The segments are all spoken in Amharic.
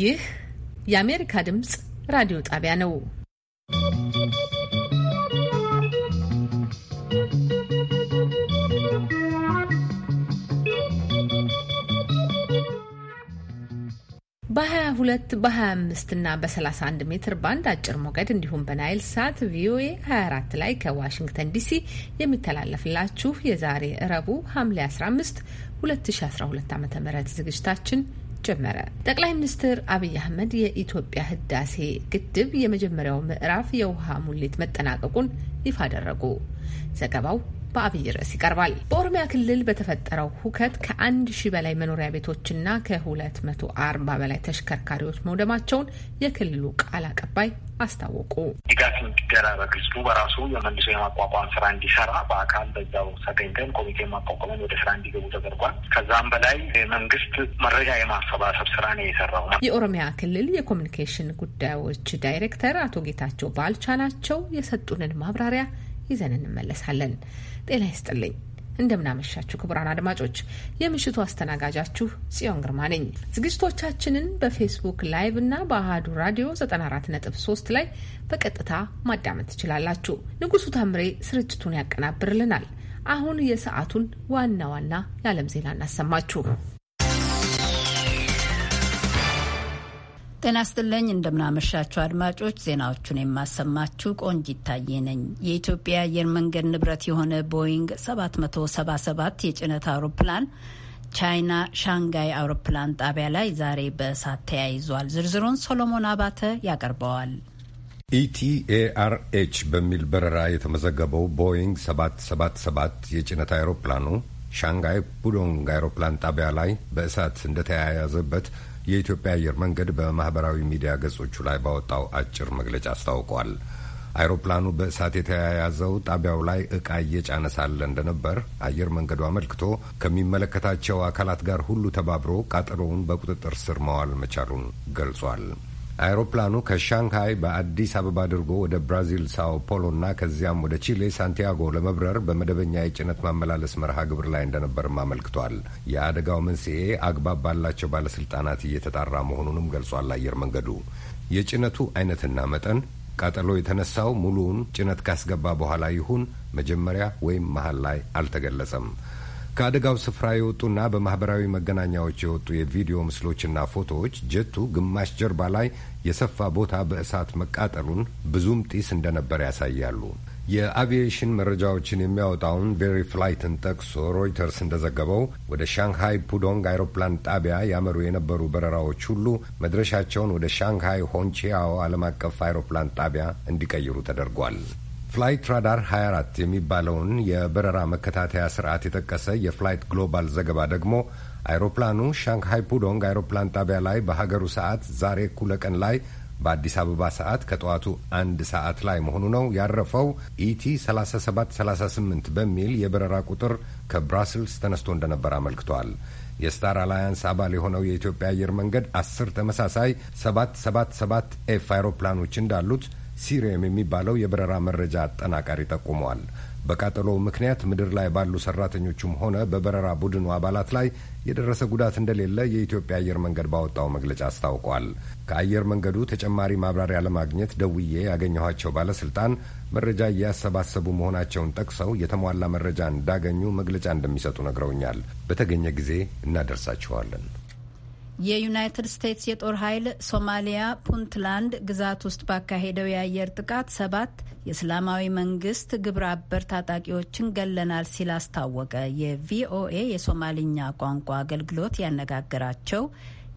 ይህ የአሜሪካ ድምፅ ራዲዮ ጣቢያ ነው። በ22 በ25 እና በ31 ሜትር ባንድ አጭር ሞገድ እንዲሁም በናይል ሳት ቪኦኤ 24 ላይ ከዋሽንግተን ዲሲ የሚተላለፍላችሁ የዛሬ እረቡ ሐምሌ 15 2012 ዓ ም ዝግጅታችን ጀመረ። ጠቅላይ ሚኒስትር አብይ አህመድ የኢትዮጵያ ህዳሴ ግድብ የመጀመሪያው ምዕራፍ የውሃ ሙሌት መጠናቀቁን ይፋ አደረጉ። ዘገባው በአብይ ርዕስ ይቀርባል። በኦሮሚያ ክልል በተፈጠረው ሁከት ከአንድ ሺህ በላይ መኖሪያ ቤቶችና ከ240 በላይ ተሽከርካሪዎች መውደማቸውን የክልሉ ቃል አቀባይ አስታወቁ። ድጋፍ እንዲደራረግ ህዝቡ በራሱ የመልሶ የማቋቋም ስራ እንዲሰራ በአካል በዛው ተገኝተን ኮሚቴ ማቋቋመን ወደ ስራ እንዲገቡ ተደርጓል። ከዛም በላይ መንግስት መረጃ የማሰባሰብ ስራ ነው የሰራው። የኦሮሚያ ክልል የኮሚኒኬሽን ጉዳዮች ዳይሬክተር አቶ ጌታቸው ባልቻ ናቸው። የሰጡንን ማብራሪያ ይዘን እንመለሳለን። ጤና ይስጥልኝ። እንደምናመሻችሁ ክቡራን አድማጮች፣ የምሽቱ አስተናጋጃችሁ ጽዮን ግርማ ነኝ። ዝግጅቶቻችንን በፌስቡክ ላይቭ እና በአህዱ ራዲዮ 94.3 ላይ በቀጥታ ማዳመጥ ትችላላችሁ። ንጉሱ ታምሬ ስርጭቱን ያቀናብርልናል። አሁን የሰዓቱን ዋና ዋና የዓለም ዜና እናሰማችሁ። ጤና ይስጥልኝ እንደምናመሻችሁ አድማጮች፣ ዜናዎቹን የማሰማችሁ ቆንጅ ይታየ ነኝ። የኢትዮጵያ አየር መንገድ ንብረት የሆነ ቦይንግ 777 የጭነት አውሮፕላን ቻይና ሻንጋይ አውሮፕላን ጣቢያ ላይ ዛሬ በእሳት ተያይዟል። ዝርዝሩን ሶሎሞን አባተ ያቀርበዋል። ኢቲኤአርኤች በሚል በረራ የተመዘገበው ቦይንግ 777 የጭነት አውሮፕላኑ ሻንጋይ ፑዶንግ አውሮፕላን ጣቢያ ላይ በእሳት እንደተያያዘበት የኢትዮጵያ አየር መንገድ በማህበራዊ ሚዲያ ገጾቹ ላይ ባወጣው አጭር መግለጫ አስታውቋል። አይሮፕላኑ በእሳት የተያያዘው ጣቢያው ላይ እቃ እየጫነ ሳለ እንደነበር አየር መንገዱ አመልክቶ ከሚመለከታቸው አካላት ጋር ሁሉ ተባብሮ ቃጠሎውን በቁጥጥር ስር መዋል መቻሉን ገልጿል። አይሮፕላኑ ከሻንግሃይ በአዲስ አበባ አድርጎ ወደ ብራዚል ሳኦ ፖሎ እና ከዚያም ወደ ቺሌ ሳንቲያጎ ለመብረር በመደበኛ የጭነት ማመላለስ መርሃ ግብር ላይ እንደነበርም አመልክቷል። የአደጋው መንስኤ አግባብ ባላቸው ባለስልጣናት እየተጣራ መሆኑንም ገልጿል። አየር መንገዱ የጭነቱ አይነትና መጠን ቃጠሎ የተነሳው ሙሉውን ጭነት ካስገባ በኋላ ይሁን መጀመሪያ ወይም መሀል ላይ አልተገለጸም። ከአደጋው ስፍራ የወጡና በማኅበራዊ መገናኛዎች የወጡ የቪዲዮ ምስሎችና ፎቶዎች ጀቱ ግማሽ ጀርባ ላይ የሰፋ ቦታ በእሳት መቃጠሉን ብዙም ጢስ እንደነበር ያሳያሉ። የአቪዬሽን መረጃዎችን የሚያወጣውን ቬሪ ፍላይትን ጠቅሶ ሮይተርስ እንደዘገበው ወደ ሻንግሃይ ፑዶንግ አይሮፕላን ጣቢያ ያመሩ የነበሩ በረራዎች ሁሉ መድረሻቸውን ወደ ሻንግሃይ ሆንቺያዎ ዓለም አቀፍ አይሮፕላን ጣቢያ እንዲቀይሩ ተደርጓል። ፍላይት ራዳር 24 የሚባለውን የበረራ መከታተያ ስርዓት የጠቀሰ የፍላይት ግሎባል ዘገባ ደግሞ አይሮፕላኑ ሻንግሃይ ፑዶንግ አይሮፕላን ጣቢያ ላይ በሀገሩ ሰዓት ዛሬ እኩለ ቀን ላይ በአዲስ አበባ ሰዓት ከጠዋቱ አንድ ሰዓት ላይ መሆኑ ነው ያረፈው። ኢቲ 3738 በሚል የበረራ ቁጥር ከብራስልስ ተነስቶ እንደነበር አመልክቷል። የስታር አላያንስ አባል የሆነው የኢትዮጵያ አየር መንገድ አስር ተመሳሳይ 777 ኤፍ አይሮፕላኖች እንዳሉት ሲሪየም የሚባለው የበረራ መረጃ አጠናቃሪ ጠቁመዋል። በቃጠሎው ምክንያት ምድር ላይ ባሉ ሰራተኞቹም ሆነ በበረራ ቡድኑ አባላት ላይ የደረሰ ጉዳት እንደሌለ የኢትዮጵያ አየር መንገድ ባወጣው መግለጫ አስታውቋል። ከአየር መንገዱ ተጨማሪ ማብራሪያ ለማግኘት ደውዬ ያገኘኋቸው ባለስልጣን መረጃ እያሰባሰቡ መሆናቸውን ጠቅሰው የተሟላ መረጃ እንዳገኙ መግለጫ እንደሚሰጡ ነግረውኛል። በተገኘ ጊዜ እናደርሳችኋለን። የዩናይትድ ስቴትስ የጦር ኃይል ሶማሊያ ፑንትላንድ ግዛት ውስጥ ባካሄደው የአየር ጥቃት ሰባት የእስላማዊ መንግስት ግብረ አበር ታጣቂዎችን ገለናል ሲል አስታወቀ። የቪኦኤ የሶማልኛ ቋንቋ አገልግሎት ያነጋገራቸው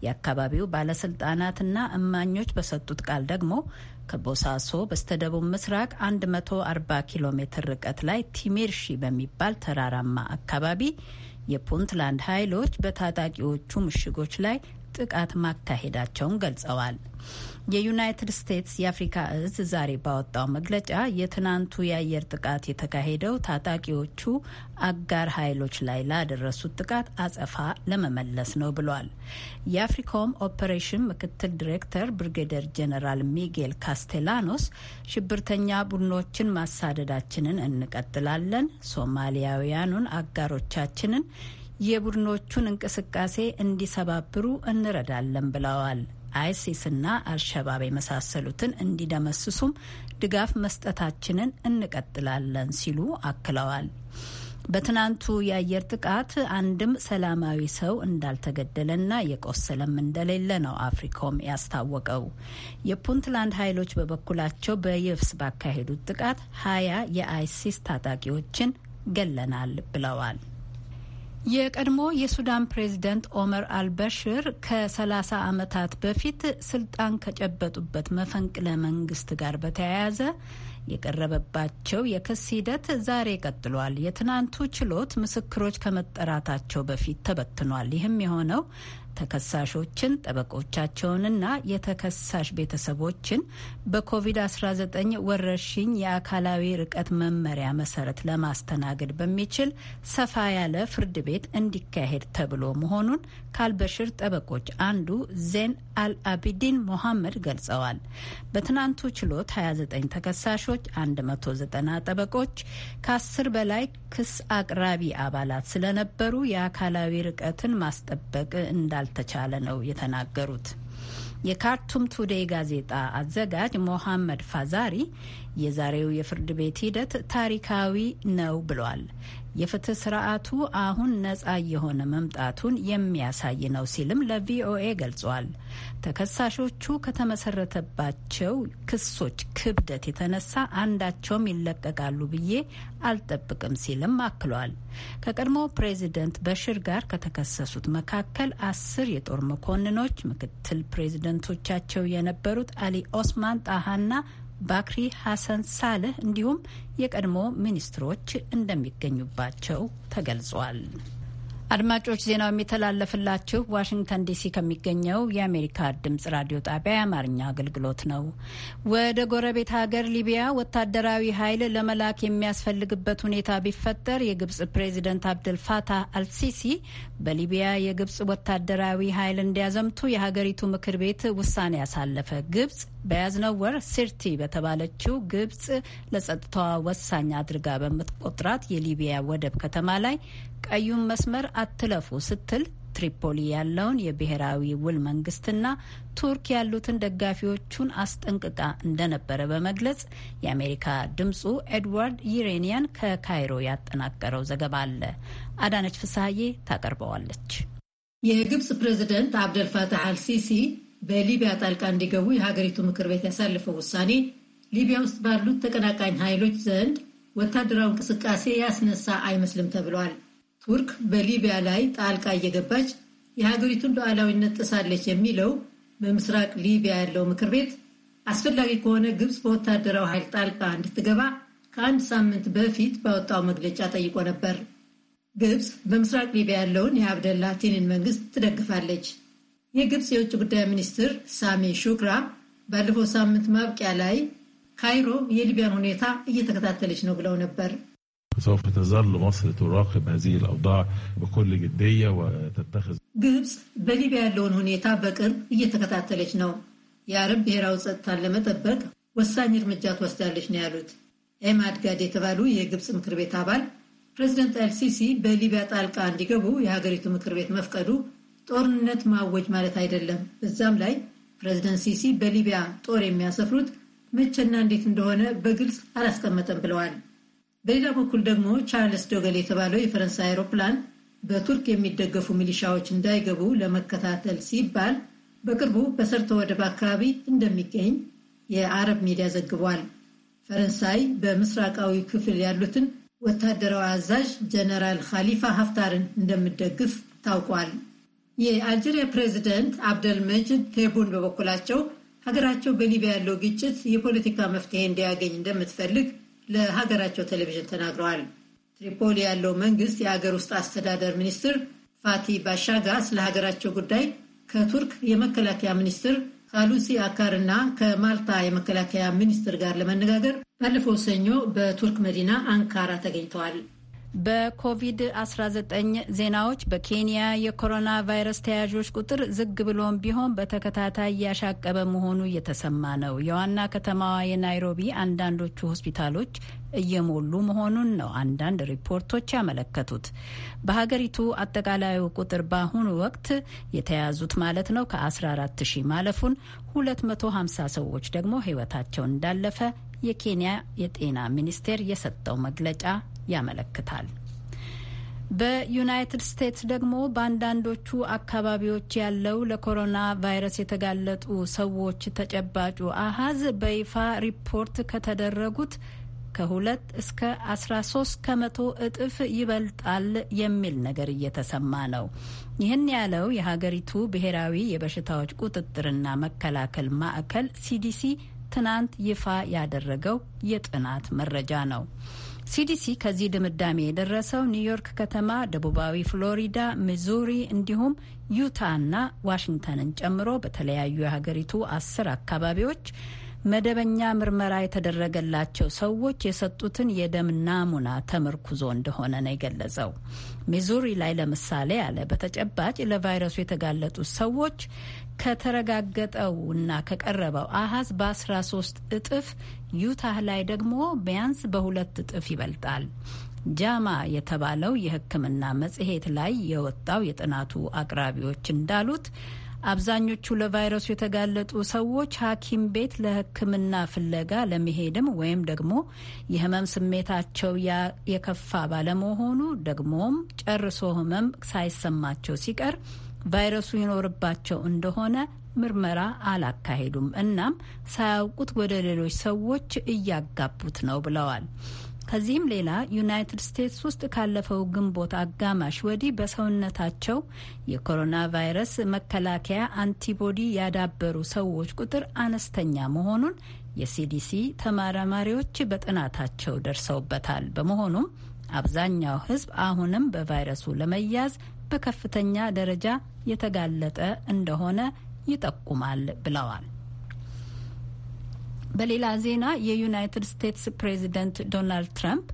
የአካባቢው ባለስልጣናትና እማኞች በሰጡት ቃል ደግሞ ከቦሳሶ በስተደቡብ ምስራቅ 140 ኪሎ ሜትር ርቀት ላይ ቲሜርሺ በሚባል ተራራማ አካባቢ የፑንትላንድ ኃይሎች በታጣቂዎቹ ምሽጎች ላይ ጥቃት ማካሄዳቸውን ገልጸዋል። የዩናይትድ ስቴትስ የአፍሪካ እዝ ዛሬ ባወጣው መግለጫ የትናንቱ የአየር ጥቃት የተካሄደው ታጣቂዎቹ አጋር ኃይሎች ላይ ላደረሱት ጥቃት አጸፋ ለመመለስ ነው ብሏል። የአፍሪኮም ኦፐሬሽን ምክትል ዲሬክተር ብርጌደር ጀነራል ሚጌል ካስቴላኖስ ሽብርተኛ ቡድኖችን ማሳደዳችንን እንቀጥላለን፣ ሶማሊያውያኑን አጋሮቻችንን የቡድኖቹን እንቅስቃሴ እንዲሰባብሩ እንረዳለን ብለዋል። አይሲስና አልሸባብ የመሳሰሉትን እንዲደመስሱም ድጋፍ መስጠታችንን እንቀጥላለን ሲሉ አክለዋል። በትናንቱ የአየር ጥቃት አንድም ሰላማዊ ሰው እንዳልተገደለና የቆሰለም እንደሌለ ነው አፍሪኮም ያስታወቀው። የፑንትላንድ ኃይሎች በበኩላቸው በየብስ ባካሄዱት ጥቃት ሀያ የአይሲስ ታጣቂዎችን ገለናል ብለዋል። የቀድሞ የሱዳን ፕሬዝደንት ኦመር አልበሽር ከ30 ዓመታት በፊት ስልጣን ከጨበጡበት መፈንቅለ መንግስት ጋር በተያያዘ የቀረበባቸው የክስ ሂደት ዛሬ ቀጥሏል። የትናንቱ ችሎት ምስክሮች ከመጠራታቸው በፊት ተበትኗል። ይህም የሆነው ተከሳሾችን ጠበቆቻቸውንና የተከሳሽ ቤተሰቦችን በኮቪድ-19 ወረርሽኝ የአካላዊ ርቀት መመሪያ መሰረት ለማስተናገድ በሚችል ሰፋ ያለ ፍርድ ቤት እንዲካሄድ ተብሎ መሆኑን ካልበሽር ጠበቆች አንዱ ዜን አልአቢዲን ሞሐመድ ገልጸዋል። በትናንቱ ችሎት 29 ተከሳሾች፣ 190 ጠበቆች፣ ከ10 በላይ ክስ አቅራቢ አባላት ስለነበሩ የአካላዊ ርቀትን ማስጠበቅ እንዳ እንዳልተቻለ ነው የተናገሩት። የካርቱም ቱዴይ ጋዜጣ አዘጋጅ ሞሐመድ ፋዛሪ የዛሬው የፍርድ ቤት ሂደት ታሪካዊ ነው ብሏል። የፍትህ ስርዓቱ አሁን ነጻ የሆነ መምጣቱን የሚያሳይ ነው ሲልም ለቪኦኤ ገልጿል። ተከሳሾቹ ከተመሰረተባቸው ክሶች ክብደት የተነሳ አንዳቸውም ይለቀቃሉ ብዬ አልጠብቅም ሲልም አክሏል። ከቀድሞ ፕሬዚደንት በሽር ጋር ከተከሰሱት መካከል አስር የጦር መኮንኖች ምክትል ፕሬዚደንቶቻቸው የነበሩት አሊ ኦስማን ጣሃና ባክሪ ሐሰን ሳልህ እንዲሁም የቀድሞ ሚኒስትሮች እንደሚገኙባቸው ተገልጿል። አድማጮች ዜናው የሚተላለፍላችሁ ዋሽንግተን ዲሲ ከሚገኘው የአሜሪካ ድምጽ ራዲዮ ጣቢያ የአማርኛ አገልግሎት ነው። ወደ ጎረቤት ሀገር ሊቢያ ወታደራዊ ኃይል ለመላክ የሚያስፈልግበት ሁኔታ ቢፈጠር የግብጽ ፕሬዚደንት ፋታህ አልሲሲ በሊቢያ የግብጽ ወታደራዊ ኃይል እንዲያዘምቱ የሀገሪቱ ምክር ቤት ውሳኔ ያሳለፈ ግብጽ በያዝነው ወር ሲርቲ በተባለችው ግብጽ ለጸጥታዋ ወሳኝ አድርጋ በምትቆጥራት የሊቢያ ወደብ ከተማ ላይ ቀዩን መስመር አትለፉ ስትል ትሪፖሊ ያለውን የብሔራዊ ውል መንግስትና ቱርክ ያሉትን ደጋፊዎቹን አስጠንቅቃ እንደነበረ በመግለጽ የአሜሪካ ድምፁ ኤድዋርድ ዩሬኒያን ከካይሮ ያጠናቀረው ዘገባ አለ። አዳነች ፍስሀዬ ታቀርበዋለች። የግብጽ ፕሬዚደንት አብደልፋታህ አልሲሲ በሊቢያ ጣልቃ እንዲገቡ የሀገሪቱ ምክር ቤት ያሳለፈው ውሳኔ ሊቢያ ውስጥ ባሉት ተቀናቃኝ ኃይሎች ዘንድ ወታደራዊ እንቅስቃሴ ያስነሳ አይመስልም ተብሏል። ቱርክ በሊቢያ ላይ ጣልቃ እየገባች የሀገሪቱን ሉዓላዊነት ጥሳለች የሚለው በምስራቅ ሊቢያ ያለው ምክር ቤት አስፈላጊ ከሆነ ግብፅ በወታደራዊ ኃይል ጣልቃ እንድትገባ ከአንድ ሳምንት በፊት ባወጣው መግለጫ ጠይቆ ነበር። ግብፅ በምስራቅ ሊቢያ ያለውን የአብደላ ቲኒን መንግስት ትደግፋለች። የግብፅ የውጭ ጉዳይ ሚኒስትር ሳሚ ሹክራ ባለፈው ሳምንት ማብቂያ ላይ ካይሮ የሊቢያን ሁኔታ እየተከታተለች ነው ብለው ነበር። ግብፅ በሊቢያ ያለውን ሁኔታ በቅርብ እየተከታተለች ነው። የአረብ ብሔራዊ ጸጥታን ለመጠበቅ ወሳኝ እርምጃ ትወስዳለች ነው ያሉት ኤማድ ጋድ የተባሉ የግብፅ ምክር ቤት አባል ፕሬዚደንት አልሲሲ በሊቢያ ጣልቃ እንዲገቡ የሀገሪቱ ምክር ቤት መፍቀዱ ጦርነት ማወጅ ማለት አይደለም። በዛም ላይ ፕሬዚደንት ሲሲ በሊቢያ ጦር የሚያሰፍሩት መቼና እንዴት እንደሆነ በግልጽ አላስቀመጠም ብለዋል። በሌላ በኩል ደግሞ ቻርልስ ዶገል የተባለው የፈረንሳይ አውሮፕላን በቱርክ የሚደገፉ ሚሊሻዎች እንዳይገቡ ለመከታተል ሲባል በቅርቡ በሰርተ ወደብ አካባቢ እንደሚገኝ የአረብ ሚዲያ ዘግቧል። ፈረንሳይ በምስራቃዊ ክፍል ያሉትን ወታደራዊ አዛዥ ጀነራል ካሊፋ ሀፍታርን እንደምደግፍ ታውቋል። የአልጄሪያ ፕሬዚደንት አብደልመጅድ ቴቡን በበኩላቸው ሀገራቸው በሊቢያ ያለው ግጭት የፖለቲካ መፍትሄ እንዲያገኝ እንደምትፈልግ ለሀገራቸው ቴሌቪዥን ተናግረዋል። ትሪፖሊ ያለው መንግስት የአገር ውስጥ አስተዳደር ሚኒስትር ፋቲ ባሻጋ ስለ ሀገራቸው ጉዳይ ከቱርክ የመከላከያ ሚኒስትር ካሉሲ አካር እና ከማልታ የመከላከያ ሚኒስትር ጋር ለመነጋገር ባለፈው ሰኞ በቱርክ መዲና አንካራ ተገኝተዋል። በኮቪድ-19 ዜናዎች በኬንያ የኮሮና ቫይረስ ተያዦች ቁጥር ዝግ ብሎም ቢሆን በተከታታይ ያሻቀበ መሆኑ እየተሰማ ነው። የዋና ከተማዋ የናይሮቢ አንዳንዶቹ ሆስፒታሎች እየሞሉ መሆኑን ነው አንዳንድ ሪፖርቶች ያመለከቱት። በሀገሪቱ አጠቃላዩ ቁጥር በአሁኑ ወቅት የተያዙት ማለት ነው ከ14 ሺህ ማለፉን 250 ሰዎች ደግሞ ህይወታቸው እንዳለፈ የኬንያ የጤና ሚኒስቴር የሰጠው መግለጫ ያመለክታል። በዩናይትድ ስቴትስ ደግሞ በአንዳንዶቹ አካባቢዎች ያለው ለኮሮና ቫይረስ የተጋለጡ ሰዎች ተጨባጩ አሀዝ በይፋ ሪፖርት ከተደረጉት ከሁለት እስከ 13 ከመቶ እጥፍ ይበልጣል የሚል ነገር እየተሰማ ነው። ይህን ያለው የሀገሪቱ ብሔራዊ የበሽታዎች ቁጥጥርና መከላከል ማዕከል ሲዲሲ ትናንት ይፋ ያደረገው የጥናት መረጃ ነው። ሲዲሲ ከዚህ ድምዳሜ የደረሰው ኒውዮርክ ከተማ፣ ደቡባዊ ፍሎሪዳ፣ ሚዙሪ እንዲሁም ዩታና ዋሽንግተንን ጨምሮ በተለያዩ የሀገሪቱ አስር አካባቢዎች መደበኛ ምርመራ የተደረገላቸው ሰዎች የሰጡትን የደም ናሙና ተመርኩዞ እንደሆነ ነው የገለጸው። ሚዙሪ ላይ ለምሳሌ አለ በተጨባጭ ለቫይረሱ የተጋለጡት ሰዎች ከተረጋገጠው እና ከቀረበው አሃዝ በ13 እጥፍ፣ ዩታህ ላይ ደግሞ ቢያንስ በሁለት እጥፍ ይበልጣል። ጃማ የተባለው የሕክምና መጽሔት ላይ የወጣው የጥናቱ አቅራቢዎች እንዳሉት አብዛኞቹ ለቫይረሱ የተጋለጡ ሰዎች ሐኪም ቤት ለሕክምና ፍለጋ ለመሄድም ወይም ደግሞ የህመም ስሜታቸው የከፋ ባለመሆኑ ደግሞም ጨርሶ ህመም ሳይሰማቸው ሲቀር ቫይረሱ ይኖርባቸው እንደሆነ ምርመራ አላካሄዱም። እናም ሳያውቁት ወደ ሌሎች ሰዎች እያጋቡት ነው ብለዋል። ከዚህም ሌላ ዩናይትድ ስቴትስ ውስጥ ካለፈው ግንቦት አጋማሽ ወዲህ በሰውነታቸው የኮሮና ቫይረስ መከላከያ አንቲቦዲ ያዳበሩ ሰዎች ቁጥር አነስተኛ መሆኑን የሲዲሲ ተመራማሪዎች በጥናታቸው ደርሰውበታል። በመሆኑም አብዛኛው ሕዝብ አሁንም በቫይረሱ ለመያዝ በከፍተኛ ደረጃ የተጋለጠ እንደሆነ ይጠቁማል ብለዋል። በሌላ ዜና የዩናይትድ ስቴትስ ፕሬዚደንት ዶናልድ ትራምፕ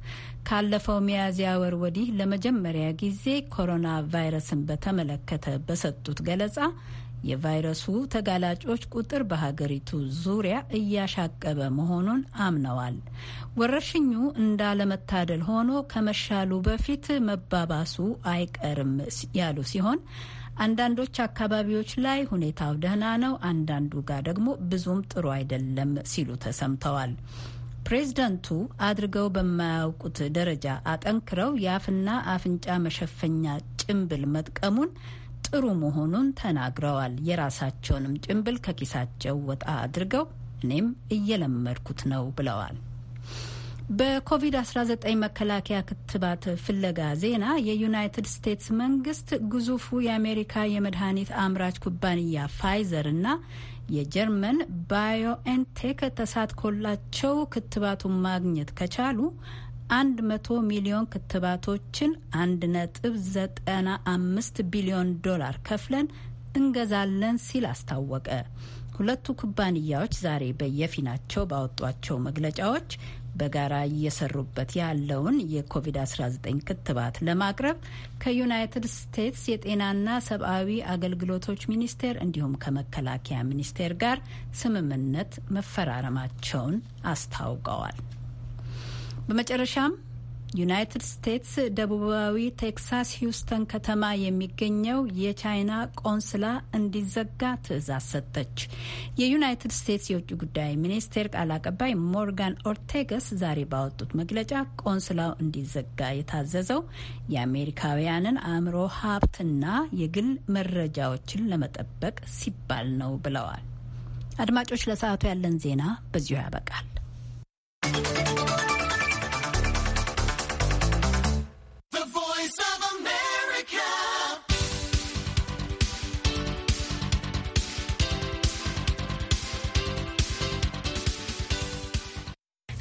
ካለፈው ሚያዝያ ወር ወዲህ ለመጀመሪያ ጊዜ ኮሮና ቫይረስን በተመለከተ በሰጡት ገለጻ የቫይረሱ ተጋላጮች ቁጥር በሀገሪቱ ዙሪያ እያሻቀበ መሆኑን አምነዋል። ወረርሽኙ እንዳለመታደል ሆኖ ከመሻሉ በፊት መባባሱ አይቀርም ያሉ ሲሆን አንዳንዶች አካባቢዎች ላይ ሁኔታው ደህና ነው፣ አንዳንዱ ጋር ደግሞ ብዙም ጥሩ አይደለም ሲሉ ተሰምተዋል። ፕሬዝደንቱ አድርገው በማያውቁት ደረጃ አጠንክረው የአፍና አፍንጫ መሸፈኛ ጭንብል መጥቀሙን ጥሩ መሆኑን ተናግረዋል። የራሳቸውንም ጭንብል ከኪሳቸው ወጣ አድርገው እኔም እየለመድኩት ነው ብለዋል። በኮቪድ-19 መከላከያ ክትባት ፍለጋ ዜና የዩናይትድ ስቴትስ መንግስት ግዙፉ የአሜሪካ የመድኃኒት አምራች ኩባንያ ፋይዘር እና የጀርመን ባዮኤንቴክ ተሳትኮላቸው ክትባቱን ማግኘት ከቻሉ አንድ መቶ ሚሊዮን ክትባቶችን አንድ ነጥብ ዘጠና አምስት ቢሊዮን ዶላር ከፍለን እንገዛለን ሲል አስታወቀ። ሁለቱ ኩባንያዎች ዛሬ በየፊናቸው ባወጧቸው መግለጫዎች በጋራ እየሰሩበት ያለውን የኮቪድ-19 ክትባት ለማቅረብ ከዩናይትድ ስቴትስ የጤናና ሰብአዊ አገልግሎቶች ሚኒስቴር እንዲሁም ከመከላከያ ሚኒስቴር ጋር ስምምነት መፈራረማቸውን አስታውቀዋል። በመጨረሻም ዩናይትድ ስቴትስ ደቡባዊ ቴክሳስ ሂውስተን ከተማ የሚገኘው የቻይና ቆንስላ እንዲዘጋ ትዕዛዝ ሰጠች። የዩናይትድ ስቴትስ የውጭ ጉዳይ ሚኒስቴር ቃል አቀባይ ሞርጋን ኦርቴገስ ዛሬ ባወጡት መግለጫ ቆንስላው እንዲዘጋ የታዘዘው የአሜሪካውያንን አእምሮ ሀብትና የግል መረጃዎችን ለመጠበቅ ሲባል ነው ብለዋል። አድማጮች፣ ለሰዓቱ ያለን ዜና በዚሁ ያበቃል።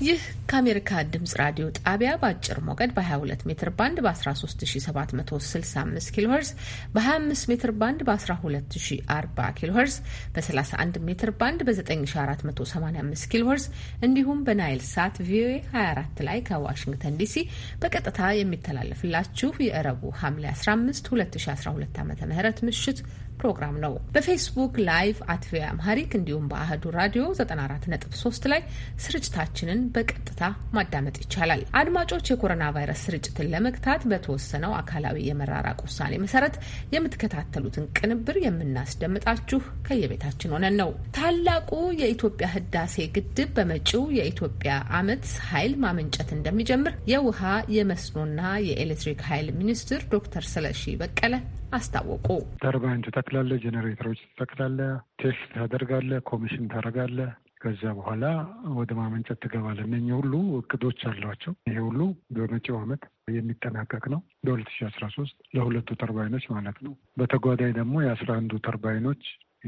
ይህ ከአሜሪካ ድምጽ ራዲዮ ጣቢያ በአጭር ሞገድ በ22 ሜትር ባንድ በ13765 ኪሎ ሄርዝ በ25 ሜትር ባንድ በ1240 ኪሎ ሄርዝ በ31 ሜትር ባንድ በ9485 ኪሎ ሄርዝ እንዲሁም በናይል ሳት ቪኦኤ 24 ላይ ከዋሽንግተን ዲሲ በቀጥታ የሚተላለፍላችሁ የእረቡ ሐምሌ 15 2012 ዓ ም ምሽት ፕሮግራም ነው። በፌስቡክ ላይቭ አትቪ አምሃሪክ እንዲሁም በአህዱ ራዲዮ 94.3 ላይ ስርጭታችንን በቀጥታ ማዳመጥ ይቻላል። አድማጮች፣ የኮሮና ቫይረስ ስርጭትን ለመግታት በተወሰነው አካላዊ የመራራቅ ውሳኔ መሰረት የምትከታተሉትን ቅንብር የምናስደምጣችሁ ከየቤታችን ሆነን ነው። ታላቁ የኢትዮጵያ ህዳሴ ግድብ በመጪው የኢትዮጵያ ዓመት ኃይል ማመንጨት እንደሚጀምር የውሃ የመስኖና የኤሌክትሪክ ኃይል ሚኒስትር ዶክተር ስለሺ በቀለ አስታወቁ። ተርባይን ትተክላለ ጄኔሬተሮች ትተክላለ ቴስት ታደርጋለ ኮሚሽን ታደርጋለህ ከዛ በኋላ ወደ ማመንጨት ትገባለህ። እነኚህ ሁሉ እቅዶች አሏቸው። ይሄ ሁሉ በመጪው ዓመት የሚጠናቀቅ ነው በሁለት ሺህ አስራ ሶስት ለሁለቱ ተርባይኖች ማለት ነው። በተጓዳኝ ደግሞ የአስራ አንዱ ተርባይኖች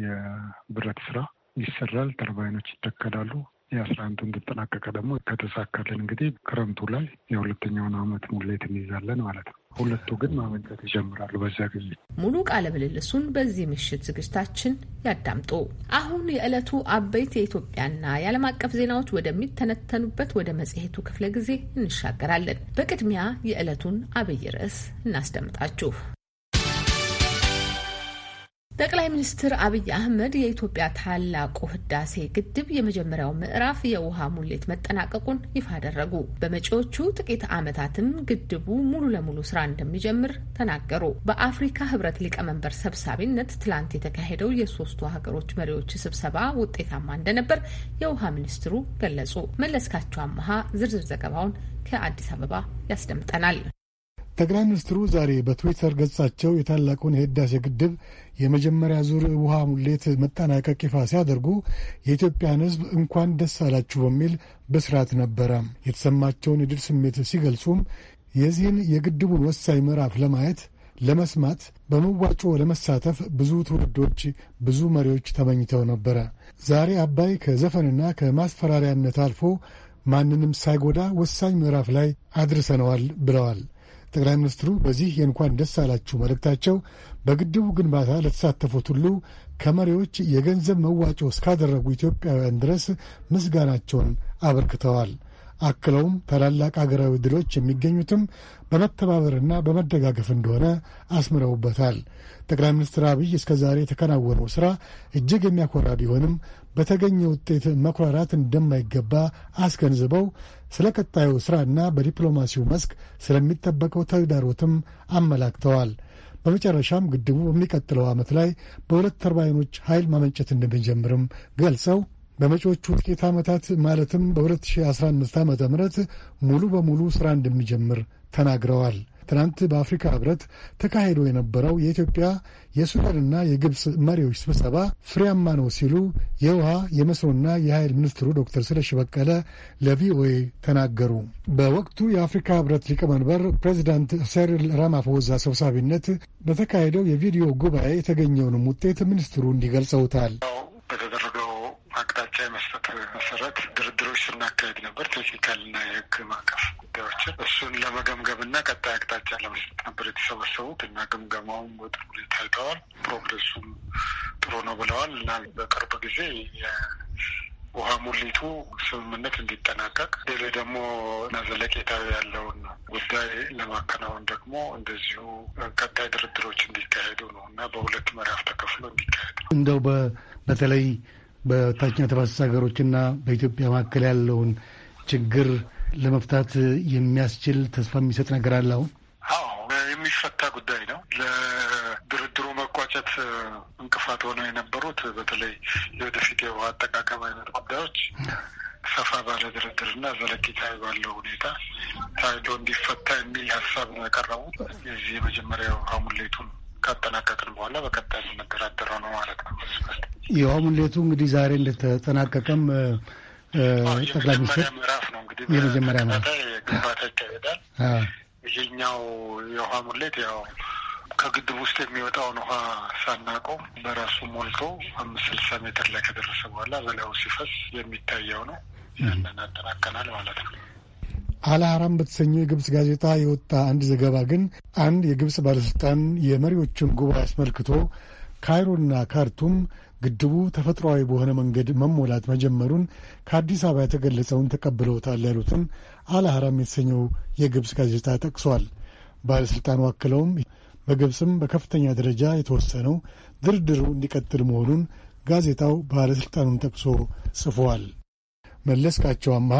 የብረት ስራ ይሰራል። ተርባይኖች ይተከላሉ። የአስራ አንዱ እንድጠናቀቀ ደግሞ ከተሳካልን እንግዲህ ክረምቱ ላይ የሁለተኛውን አመት ሙሌት እንይዛለን ማለት ነው። ሁለቱ ግን ማመንጠት ይጀምራሉ። በዚያ ጊዜ ሙሉ ቃለ ምልልሱን በዚህ ምሽት ዝግጅታችን ያዳምጡ። አሁን የዕለቱ አበይት የኢትዮጵያና የዓለም አቀፍ ዜናዎች ወደሚተነተኑበት ወደ መጽሔቱ ክፍለ ጊዜ እንሻገራለን። በቅድሚያ የዕለቱን አብይ ርዕስ እናስደምጣችሁ። ጠቅላይ ሚኒስትር አብይ አህመድ የኢትዮጵያ ታላቁ ህዳሴ ግድብ የመጀመሪያው ምዕራፍ የውሃ ሙሌት መጠናቀቁን ይፋ አደረጉ። በመጪዎቹ ጥቂት ዓመታትም ግድቡ ሙሉ ለሙሉ ስራ እንደሚጀምር ተናገሩ። በአፍሪካ ህብረት ሊቀመንበር ሰብሳቢነት ትላንት የተካሄደው የሶስቱ ሀገሮች መሪዎች ስብሰባ ውጤታማ እንደነበር የውሃ ሚኒስትሩ ገለጹ። መለስካቸው አመሃ ዝርዝር ዘገባውን ከአዲስ አበባ ያስደምጠናል። ጠቅላይ ሚኒስትሩ ዛሬ በትዊተር ገጻቸው የታላቁን የህዳሴ ግድብ የመጀመሪያ ዙር ውሃ ሙሌት መጠናቀቅ ይፋ ሲያደርጉ የኢትዮጵያን ሕዝብ እንኳን ደስ አላችሁ በሚል በስርዓት ነበረ። የተሰማቸውን የድል ስሜት ሲገልጹም የዚህን የግድቡን ወሳኝ ምዕራፍ ለማየት ለመስማት በመዋጮ ለመሳተፍ ብዙ ትውልዶች ብዙ መሪዎች ተመኝተው ነበረ። ዛሬ አባይ ከዘፈንና ከማስፈራሪያነት አልፎ ማንንም ሳይጎዳ ወሳኝ ምዕራፍ ላይ አድርሰነዋል ብለዋል። ጠቅላይ ሚኒስትሩ በዚህ የእንኳን ደስ አላችሁ መልእክታቸው በግድቡ ግንባታ ለተሳተፉት ሁሉ ከመሪዎች የገንዘብ መዋጮ እስካደረጉ ኢትዮጵያውያን ድረስ ምስጋናቸውን አበርክተዋል። አክለውም ታላላቅ አገራዊ ድሎች የሚገኙትም በመተባበርና በመደጋገፍ እንደሆነ አስምረውበታል። ጠቅላይ ሚኒስትር አብይ እስከ ዛሬ የተከናወነው ሥራ እጅግ የሚያኮራ ቢሆንም በተገኘ ውጤት መኩራራት እንደማይገባ አስገንዝበው ስለ ቀጣዩ ሥራና በዲፕሎማሲው መስክ ስለሚጠበቀው ተግዳሮትም አመላክተዋል። በመጨረሻም ግድቡ በሚቀጥለው ዓመት ላይ በሁለት ተርባይኖች ኃይል ማመንጨት እንደሚጀምርም ገልጸው በመጪዎቹ ጥቂት ዓመታት ማለትም በ2015 ዓ ም ሙሉ በሙሉ ሥራ እንደሚጀምር ተናግረዋል። ትናንት በአፍሪካ ህብረት ተካሂዶ የነበረው የኢትዮጵያ የሱዳንና የግብፅ መሪዎች ስብሰባ ፍሬያማ ነው ሲሉ የውሃ የመስኖና የኃይል ሚኒስትሩ ዶክተር ስለሺ በቀለ ለቪኦኤ ተናገሩ። በወቅቱ የአፍሪካ ህብረት ሊቀመንበር ፕሬዚዳንት ሰሪል ራማፎዛ ሰብሳቢነት በተካሄደው የቪዲዮ ጉባኤ የተገኘውንም ውጤት ሚኒስትሩ እንዲገልጸውታል። በተደረገው አቅጣጫ የመስጠት መሰረት ድርድሮች ስናካሄድ ነበር። ቴክኒካልና የህግ ማዕቀፍ ጉዳዮችን እሱን ለመገምገም ና ቀጣይ አቅጣጫ ለመስጠት ነበር የተሰበሰቡት እና ግምገማውም ወጥ ሁኔታ አይተዋል። ፕሮግሬሱም ጥሩ ነው ብለዋል እና በቅርብ ጊዜ ውሃ ሙሊቱ ስምምነት እንዲጠናቀቅ ሌላ ደግሞ እና ዘለቄታዊ ያለውን ጉዳይ ለማከናወን ደግሞ እንደዚሁ ቀጣይ ድርድሮች እንዲካሄዱ ነው እና በሁለት ምዕራፍ ተከፍሎ እንዲካሄድ ነው። እንደው በተለይ በታችኛው ተፋሰስ ሀገሮችና በኢትዮጵያ መካከል ያለውን ችግር ለመፍታት የሚያስችል ተስፋ የሚሰጥ ነገር አለ አሁን? አዎ የሚፈታ ጉዳይ ነው። ለድርድሩ መቋጨት እንቅፋት ሆነው የነበሩት በተለይ የወደፊት የውሃ አጠቃቀም አይነት ጉዳዮች ሰፋ ባለ ድርድርና ዘለቂታዊ ባለው ሁኔታ ታይቶ እንዲፈታ የሚል ሀሳብ ነው ያቀረቡት። የዚህ የመጀመሪያው ሙሌቱን ካጠናቀቅን በኋላ በቀጣይ የምንደራደረው ነው ማለት ነው። ይኸው ሙሌቱ እንግዲህ ዛሬ እንደተጠናቀቀም ጠቅላይ ሚኒስትር ምዕራፍ ነው እንግዲህ የመጀመሪያ ምዕራፍ ግንባታ ይካሄዳል። ይሄኛው የውሃ ሙሌት ያው ከግድብ ውስጥ የሚወጣውን ውሃ ሳናቀው በራሱ ሞልቶ አምስት ስልሳ ሜትር ላይ ከደረሰ በኋላ በላዩ ሲፈስ የሚታየው ነው። ያንን አጠናቀናል ማለት ነው። አልአራም በተሰኘው የግብፅ ጋዜጣ የወጣ አንድ ዘገባ ግን አንድ የግብፅ ባለሥልጣን የመሪዎቹን ጉባኤ አስመልክቶ ካይሮና ካርቱም ግድቡ ተፈጥሯዊ በሆነ መንገድ መሞላት መጀመሩን ከአዲስ አበባ የተገለጸውን ተቀብለውታል ያሉትን አልአራም የተሰኘው የግብፅ ጋዜጣ ጠቅሷል። ባለሥልጣኑ አክለውም በግብፅም በከፍተኛ ደረጃ የተወሰነው ድርድሩ እንዲቀጥል መሆኑን ጋዜጣው ባለሥልጣኑን ጠቅሶ ጽፏል። መለስካቸው አምሃ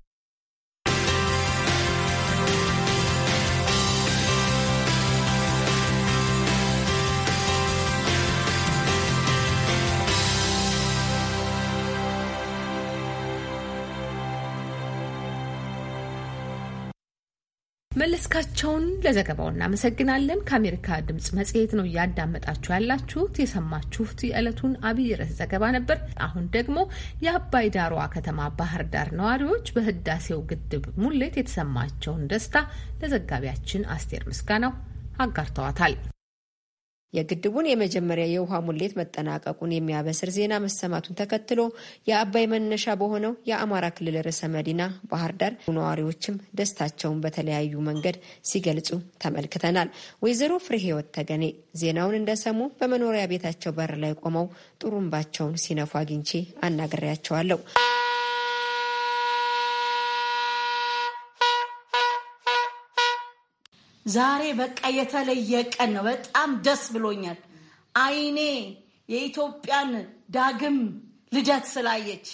ጌታቸውን ለዘገባው እናመሰግናለን። ከአሜሪካ ድምጽ መጽሔት ነው እያዳመጣችሁ ያላችሁት። የሰማችሁት የዕለቱን አብይ ርዕስ ዘገባ ነበር። አሁን ደግሞ የአባይ ዳሯ ከተማ ባህር ዳር ነዋሪዎች በህዳሴው ግድብ ሙሌት የተሰማቸውን ደስታ ለዘጋቢያችን አስቴር ምስጋናው አጋርተዋታል። የግድቡን የመጀመሪያ የውሃ ሙሌት መጠናቀቁን የሚያበስር ዜና መሰማቱን ተከትሎ የአባይ መነሻ በሆነው የአማራ ክልል ርዕሰ መዲና ባህር ዳር ነዋሪዎችም ደስታቸውን በተለያዩ መንገድ ሲገልጹ ተመልክተናል። ወይዘሮ ፍሬ ህይወት ተገኔ ዜናውን እንደሰሙ በመኖሪያ ቤታቸው በር ላይ ቆመው ጥሩምባቸውን ሲነፉ አግኝቼ አናግሬያቸዋለሁ። ዛሬ በቃ የተለየ ቀን ነው። በጣም ደስ ብሎኛል። አይኔ የኢትዮጵያን ዳግም ልደት ስላየች፣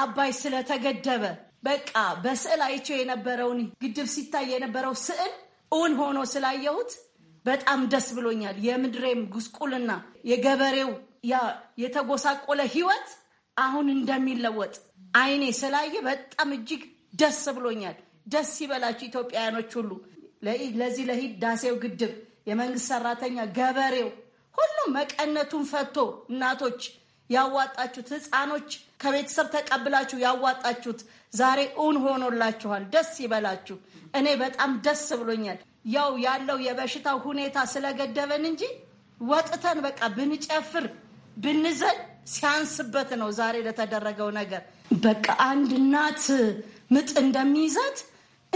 አባይ ስለተገደበ በቃ በስዕል አይቼው የነበረውን ግድብ ሲታይ የነበረው ስዕል እውን ሆኖ ስላየሁት በጣም ደስ ብሎኛል። የምድሬም ጉስቁልና የገበሬው ያ የተጎሳቆለ ህይወት አሁን እንደሚለወጥ አይኔ ስላየ በጣም እጅግ ደስ ብሎኛል። ደስ ይበላችሁ ኢትዮጵያውያኖች ሁሉ ለዚህ ለህዳሴው ግድብ የመንግስት ሰራተኛ፣ ገበሬው፣ ሁሉም መቀነቱን ፈቶ እናቶች ያዋጣችሁት ህፃኖች ከቤተሰብ ተቀብላችሁ ያዋጣችሁት ዛሬ እውን ሆኖላችኋል። ደስ ይበላችሁ። እኔ በጣም ደስ ብሎኛል። ያው ያለው የበሽታ ሁኔታ ስለገደበን እንጂ ወጥተን በቃ ብንጨፍር ብንዘል ሲያንስበት ነው ዛሬ ለተደረገው ነገር። በቃ አንድ እናት ምጥ እንደሚይዛት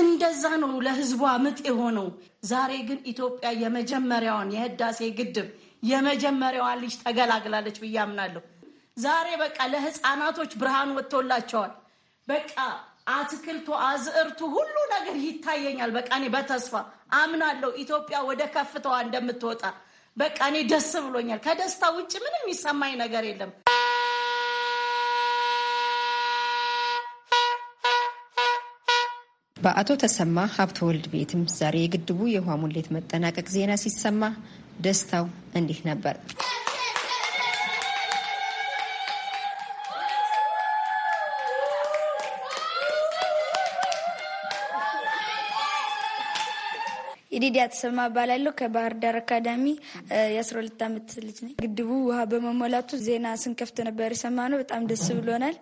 እንደዛ ነው ለህዝቧ ምጥ የሆነው። ዛሬ ግን ኢትዮጵያ የመጀመሪያዋን የህዳሴ ግድብ የመጀመሪያዋን ልጅ ተገላግላለች ብዬ አምናለሁ። ዛሬ በቃ ለህፃናቶች ብርሃን ወጥቶላቸዋል። በቃ አትክልቱ፣ አዝዕርቱ፣ ሁሉ ነገር ይታየኛል። በቃ እኔ በተስፋ አምናለሁ ኢትዮጵያ ወደ ከፍታዋ እንደምትወጣ። በቃ እኔ ደስ ብሎኛል። ከደስታ ውጭ ምንም የሚሰማኝ ነገር የለም። በአቶ ተሰማ ሀብተ ወልድ ቤትም ዛሬ የግድቡ የውሃ ሙሌት መጠናቀቅ ዜና ሲሰማ ደስታው እንዲህ ነበር። ይዲዲያ ተሰማ እባላለሁ። ከባህር ዳር አካዳሚ የአስራ ሁለት ዓመት ልጅ ነኝ። ግድቡ ውሃ በመሞላቱ ዜና ስንከፍት ነበር የሰማነው። በጣም ደስ ብሎናል።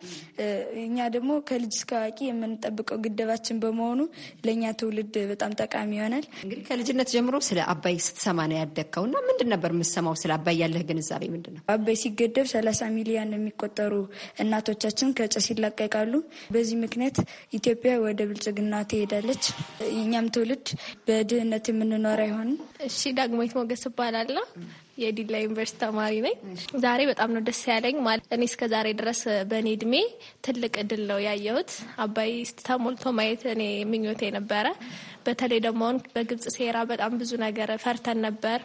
እኛ ደግሞ ከልጅ እስከ አዋቂ የምንጠብቀው ግድባችን በመሆኑ ለእኛ ትውልድ በጣም ጠቃሚ ይሆናል። እንግዲህ ከልጅነት ጀምሮ ስለ አባይ ስትሰማ ነው ያደግከው እና ምንድን ነበር የምሰማው? ስለ አባይ ያለህ ግንዛቤ ምንድን ነው? አባይ ሲገደብ ሰላሳ ሚሊዮን የሚቆጠሩ እናቶቻችን ከጭስ ይላቀቃሉ። በዚህ ምክንያት ኢትዮጵያ ወደ ብልጽግና ትሄዳለች። እኛም ትውልድ በድህነት የምንኖር አይሆንም። እሺ፣ ዳግማዊት ሞገስ እባላለሁ። የዲላ ዩኒቨርሲቲ ተማሪ ነኝ። ዛሬ በጣም ነው ደስ ያለኝ። ማለት እኔ እስከ ዛሬ ድረስ በእኔ እድሜ ትልቅ እድል ነው ያየሁት። አባይ ተሞልቶ ማየት እኔ ምኞቴ ነበረ። በተለይ ደግሞ አሁን በግብጽ ሴራ በጣም ብዙ ነገር ፈርተን ነበር፣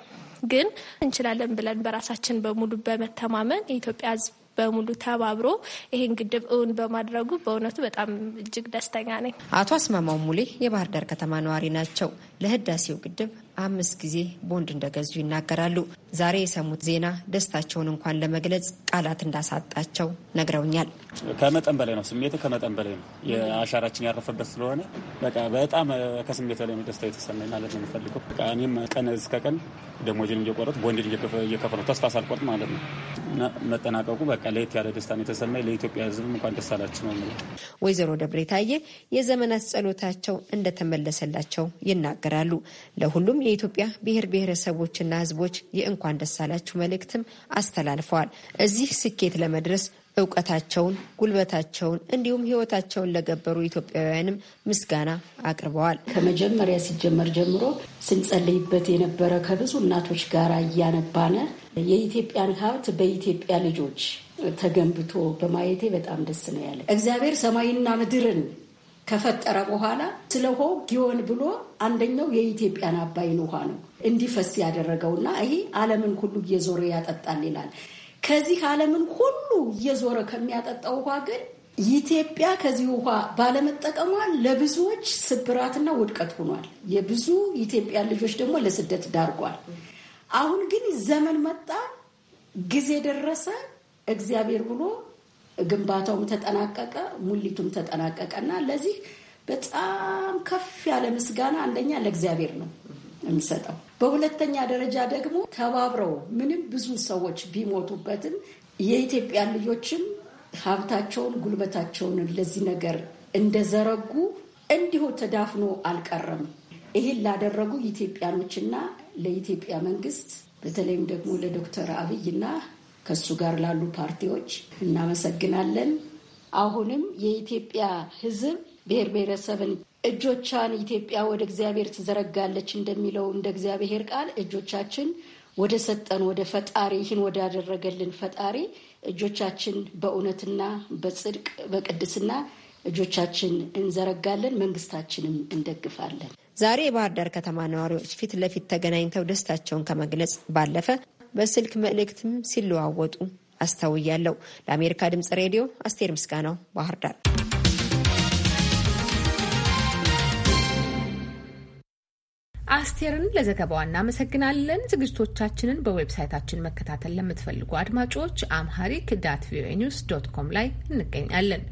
ግን እንችላለን ብለን በራሳችን በሙሉ በመተማመን የኢትዮጵያ ሕዝብ በሙሉ ተባብሮ ይህን ግድብ እውን በማድረጉ በእውነቱ በጣም እጅግ ደስተኛ ነኝ። አቶ አስማማው ሙሌ የባህር ዳር ከተማ ነዋሪ ናቸው። ለህዳሴው ግድብ አምስት ጊዜ ቦንድ እንደገዙ ይናገራሉ። ዛሬ የሰሙት ዜና ደስታቸውን እንኳን ለመግለጽ ቃላት እንዳሳጣቸው ነግረውኛል። ከመጠን በላይ ነው ስሜት፣ ከመጠን በላይ ነው። የአሻራችን ያረፈበት ስለሆነ በቃ በጣም ከስሜት በላይ ነው ደስታ የተሰማኝ ማለት ነው። የምፈልገው በቃ እኔም ቀን እስከ ቀን ደሞዜን እየቆረጥ ቦንድን እየከፈሉ ተስፋ ሳልቆርጥ ማለት ነው መጠናቀቁ በቃ ለየት ያለ ደስታ ነው የተሰማኝ። ለኢትዮጵያ ህዝብ እንኳን ደስ አላችሁ ነው የምለው። ወይዘሮ ደብሬ ታዬ የዘመናት ጸሎታቸው እንደተመለሰላቸው ይናገራሉ። ለሁሉም የኢትዮጵያ ብሔር ብሔረሰቦችና ህዝቦች የእንኳን ደስ አላችሁ መልእክትም አስተላልፈዋል። እዚህ ስኬት ለመድረስ እውቀታቸውን፣ ጉልበታቸውን እንዲሁም ህይወታቸውን ለገበሩ ኢትዮጵያውያንም ምስጋና አቅርበዋል። ከመጀመሪያ ሲጀመር ጀምሮ ስንጸልይበት የነበረ ከብዙ እናቶች ጋር እያነባነ የኢትዮጵያን ሀብት በኢትዮጵያ ልጆች ተገንብቶ በማየቴ በጣም ደስ ነው ያለ። እግዚአብሔር ሰማይና ምድርን ከፈጠረ በኋላ ስለሆ ጊዮን ብሎ አንደኛው የኢትዮጵያን አባይን ውሃ ነው እንዲፈስ ያደረገውና ይሄ ዓለምን ሁሉ እየዞረ ያጠጣል ይላል። ከዚህ ዓለምን ሁሉ እየዞረ ከሚያጠጣው ውሃ ግን ኢትዮጵያ ከዚህ ውሃ ባለመጠቀሟ ለብዙዎች ስብራትና ውድቀት ሆኗል። የብዙ ኢትዮጵያ ልጆች ደግሞ ለስደት ዳርጓል። አሁን ግን ዘመን መጣ፣ ጊዜ ደረሰ፣ እግዚአብሔር ብሎ ግንባታውም ተጠናቀቀ፣ ሙሊቱም ተጠናቀቀ እና ለዚህ በጣም ከፍ ያለ ምስጋና አንደኛ ለእግዚአብሔር ነው የሚሰጠው። በሁለተኛ ደረጃ ደግሞ ተባብረው ምንም ብዙ ሰዎች ቢሞቱበትም የኢትዮጵያን ልጆችም ሀብታቸውን ጉልበታቸውን ለዚህ ነገር እንደዘረጉ እንዲሁ ተዳፍኖ አልቀረም። ይህን ላደረጉ ኢትዮጵያኖችና ለኢትዮጵያ መንግስት በተለይም ደግሞ ለዶክተር አብይና ከእሱ ጋር ላሉ ፓርቲዎች እናመሰግናለን። አሁንም የኢትዮጵያ ሕዝብ ብሔር ብሔረሰብን እጆቿን ኢትዮጵያ ወደ እግዚአብሔር ትዘረጋለች እንደሚለው እንደ እግዚአብሔር ቃል እጆቻችን ወደ ሰጠን ወደ ፈጣሪ ይህን ወዳደረገልን ፈጣሪ እጆቻችን በእውነትና በጽድቅ በቅድስና እጆቻችን እንዘረጋለን፣ መንግስታችንም እንደግፋለን። ዛሬ የባህር ዳር ከተማ ነዋሪዎች ፊት ለፊት ተገናኝተው ደስታቸውን ከመግለጽ ባለፈ በስልክ መልእክትም ሲለዋወጡ አስታውያለሁ። ለአሜሪካ ድምጽ ሬዲዮ አስቴር ምስጋናው ባህር ዳር። አስቴርን ለዘገባዋ እናመሰግናለን። ዝግጅቶቻችንን በዌብሳይታችን መከታተል ለምትፈልጉ አድማጮች አምሃሪክ ዳት ቪኦኤ ኒውስ ዶት ኮም ላይ እንገኛለን።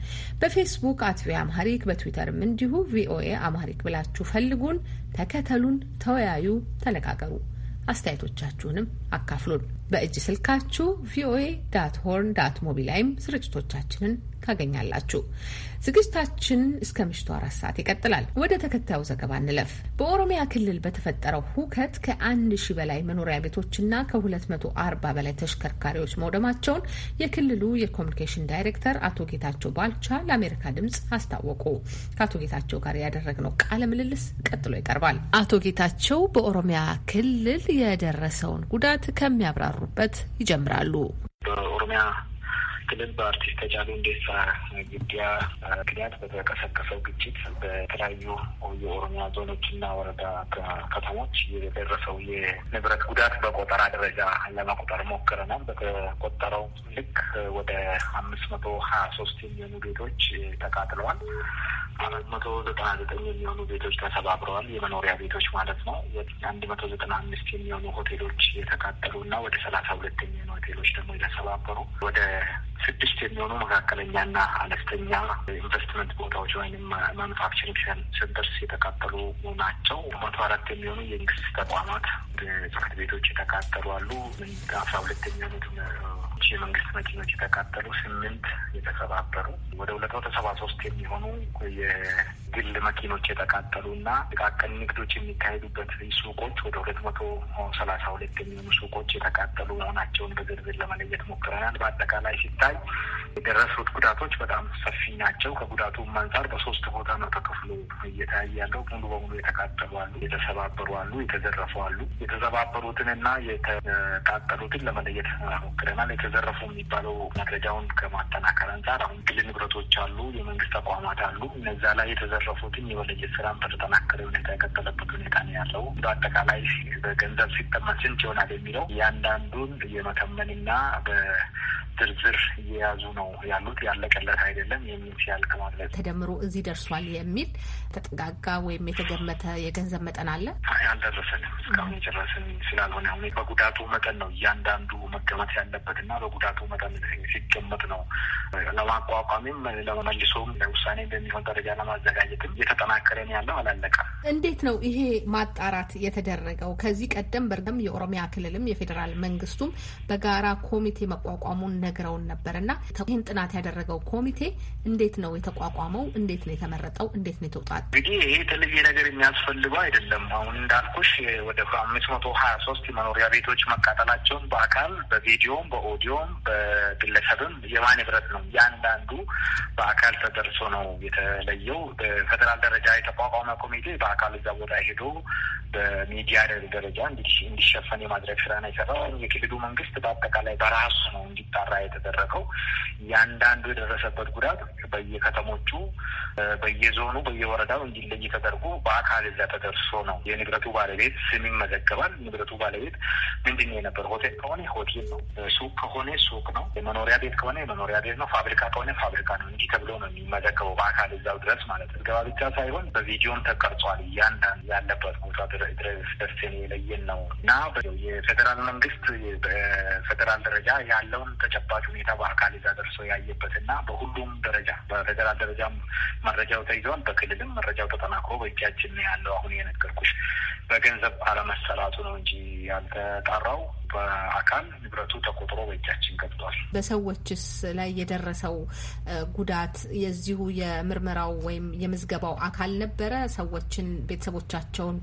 በፌስቡክ አት ቪኦኤ አምሃሪክ፣ በትዊተርም እንዲሁ ቪኦኤ አምሃሪክ ብላችሁ ፈልጉን፣ ተከተሉን፣ ተወያዩ፣ ተነጋገሩ። አስተያየቶቻችሁንም አካፍሉን። በእጅ ስልካችሁ ቪኦኤ ዳት ሆርን ዳት ሞቢ ላይም ስርጭቶቻችንን ታገኛላችሁ። ዝግጅታችን እስከ ምሽቱ አራት ሰዓት ይቀጥላል። ወደ ተከታዩ ዘገባ እንለፍ። በኦሮሚያ ክልል በተፈጠረው ሁከት ከአንድ ሺህ በላይ መኖሪያ ቤቶችና ከ240 በላይ ተሽከርካሪዎች መውደማቸውን የክልሉ የኮሚኒኬሽን ዳይሬክተር አቶ ጌታቸው ባልቻ ለአሜሪካ ድምጽ አስታወቁ። ከአቶ ጌታቸው ጋር ያደረግነው ቃለ ምልልስ ቀጥሎ ይቀርባል። አቶ ጌታቸው በኦሮሚያ ክልል የደረሰውን ጉዳት ከሚያብራሩ ከሚማሩበት ይጀምራሉ። በኦሮሚያ ክልል በአርቲስት ሃጫሉ ሁንዴሳ ግድያ ምክንያት በተቀሰቀሰው ግጭት በተለያዩ የኦሮሚያ ዞኖች እና ወረዳ ከተሞች የደረሰው የንብረት ጉዳት በቆጠራ ደረጃ ለመቆጠር ሞክረናል። በተቆጠረው ልክ ወደ አምስት መቶ ሀያ ሶስት የሚሆኑ ቤቶች ተቃጥለዋል። አራት መቶ ዘጠና ዘጠኝ የሚሆኑ ቤቶች ተሰባብረዋል። የመኖሪያ ቤቶች ማለት ነው። አንድ መቶ ዘጠና አምስት የሚሆኑ ሆቴሎች የተቃጠሉ እና ወደ ሰላሳ ሁለት የሚሆኑ ሆቴሎች ደግሞ የተሰባበሩ ወደ ስድስት የሚሆኑ መካከለኛና አነስተኛ ኢንቨስትመንት ቦታዎች ወይም ማኑፋክቸሪንግ ሴንተርስ የተቃጠሉ ናቸው። መቶ አራት የሚሆኑ የመንግስት ተቋማት ጽሕፈት ቤቶች የተቃጠሉ አሉ። አስራ ሁለት የሚሆኑት ሌሎች የመንግስት መኪኖች የተቃጠሉ ስምንት የተሰባበሩ ወደ ሁለት መቶ ሰባ ሶስት የሚሆኑ የግል መኪኖች የተቃጠሉ እና ጥቃቅን ንግዶች የሚካሄዱበት ሱቆች ወደ ሁለት መቶ ሰላሳ ሁለት የሚሆኑ ሱቆች የተቃጠሉ መሆናቸውን በዝርዝር ለመለየት ሞክረናል። በአጠቃላይ ሲታይ የደረሱት ጉዳቶች በጣም ሰፊ ናቸው። ከጉዳቱም አንጻር በሶስት ቦታ ነው ተከፍሎ እየተያየ ያለው። ሙሉ በሙሉ የተቃጠሉ አሉ፣ የተሰባበሩ አሉ፣ የተዘረፉ አሉ። የተዘባበሩትን እና የተቃጠሉትን ለመለየት ሞክረናል። ተዘረፉ የሚባለው መረጃውን ከማጠናከር አንጻር አሁን ግል ንብረቶች አሉ፣ የመንግስት ተቋማት አሉ። እነዛ ላይ የተዘረፉትን የመለየት ስራን በተጠናከረ ሁኔታ የቀጠለበት ሁኔታ ነው ያለው። እንደ አጠቃላይ በገንዘብ ሲጠመን ስንት ይሆናል የሚለው እያንዳንዱን የመተመንና በዝርዝር እየያዙ ነው ያሉት። ያለቀለት አይደለም የሚል ሲያልቅ ማለት ተደምሮ እዚህ ደርሷል የሚል ተጠጋጋ ወይም የተገመተ የገንዘብ መጠን አለ አልደረሰንም። እስካሁን የጨረስን ስላልሆነ በጉዳቱ መጠን ነው እያንዳንዱ መገመት ያለበትና በጉዳቱ መጠን ሲገመት ነው። ለማቋቋሚም ለመመልሶም ለውሳኔ በሚሆን ደረጃ ለማዘጋጀትም እየተጠናከረን ያለው አላለቀም እንዴት ነው ይሄ ማጣራት የተደረገው? ከዚህ ቀደም በርግም የኦሮሚያ ክልልም የፌዴራል መንግስቱም በጋራ ኮሚቴ መቋቋሙን ነግረውን ነበር እና ይህን ጥናት ያደረገው ኮሚቴ እንዴት ነው የተቋቋመው? እንዴት ነው የተመረጠው? እንዴት ነው የተውጣት? እንግዲህ ይሄ የተለየ ነገር የሚያስፈልገው አይደለም። አሁን እንዳልኩሽ ወደ አምስት መቶ ሀያ ሶስት መኖሪያ ቤቶች መቃጠላቸውን በአካል በቪዲዮም በኦዲዮ በአንድም በግለሰብም የማን ህብረት ነው። እያንዳንዱ በአካል ተደርሶ ነው የተለየው። በፌደራል ደረጃ የተቋቋመ ኮሚቴ በአካል እዛ ቦታ ሄዶ በሚዲያ ደረጃ እንዲሸፈን የማድረግ ስራ ነው የሰራው። የክልሉ መንግስት በአጠቃላይ በራሱ ነው እንዲጣራ የተደረገው። እያንዳንዱ የደረሰበት ጉዳት በየከተሞቹ፣ በየዞኑ፣ በየወረዳው እንዲለይ ተደርጎ በአካል እዛ ተደርሶ ነው። የንብረቱ ባለቤት ስም ይመዘገባል። ንብረቱ ባለቤት ምንድን ነው ሆቴል ከሆነ ሆቴል ነው፣ ሱቅ ከሆነ ሱቅ ነው፣ የመኖሪያ ቤት ከሆነ የመኖሪያ ቤት ነው፣ ፋብሪካ ከሆነ ፋብሪካ ነው እንጂ ተብሎ ነው የሚመዘገበው በአካል እዛው ድረስ ማለት ነው። ገባ ብቻ ሳይሆን በቪዲዮም ተቀርጿል። እያንዳንድ ያለበት ቦታ ድረስ ደስ የለየን ነው እና የፌዴራል መንግስት በፌዴራል ደረጃ ያለውን ተጨባጭ ሁኔታ በአካል እዛ ደርሶ ያየበት እና በሁሉም ደረጃ በፌዴራል ደረጃ መረጃው ተይዘዋል። በክልልም መረጃው ተጠናክሮ በእጃችን ያለው አሁን የነገርኩሽ በገንዘብ አለመሰላቱ ነው እንጂ ያልተጣራው በአካል ንብረቱ ተቆጥሮ እጃችን ገብቷል። በሰዎችስ ላይ የደረሰው ጉዳት የዚሁ የምርመራው ወይም የምዝገባው አካል ነበረ። ሰዎችን ቤተሰቦቻቸውን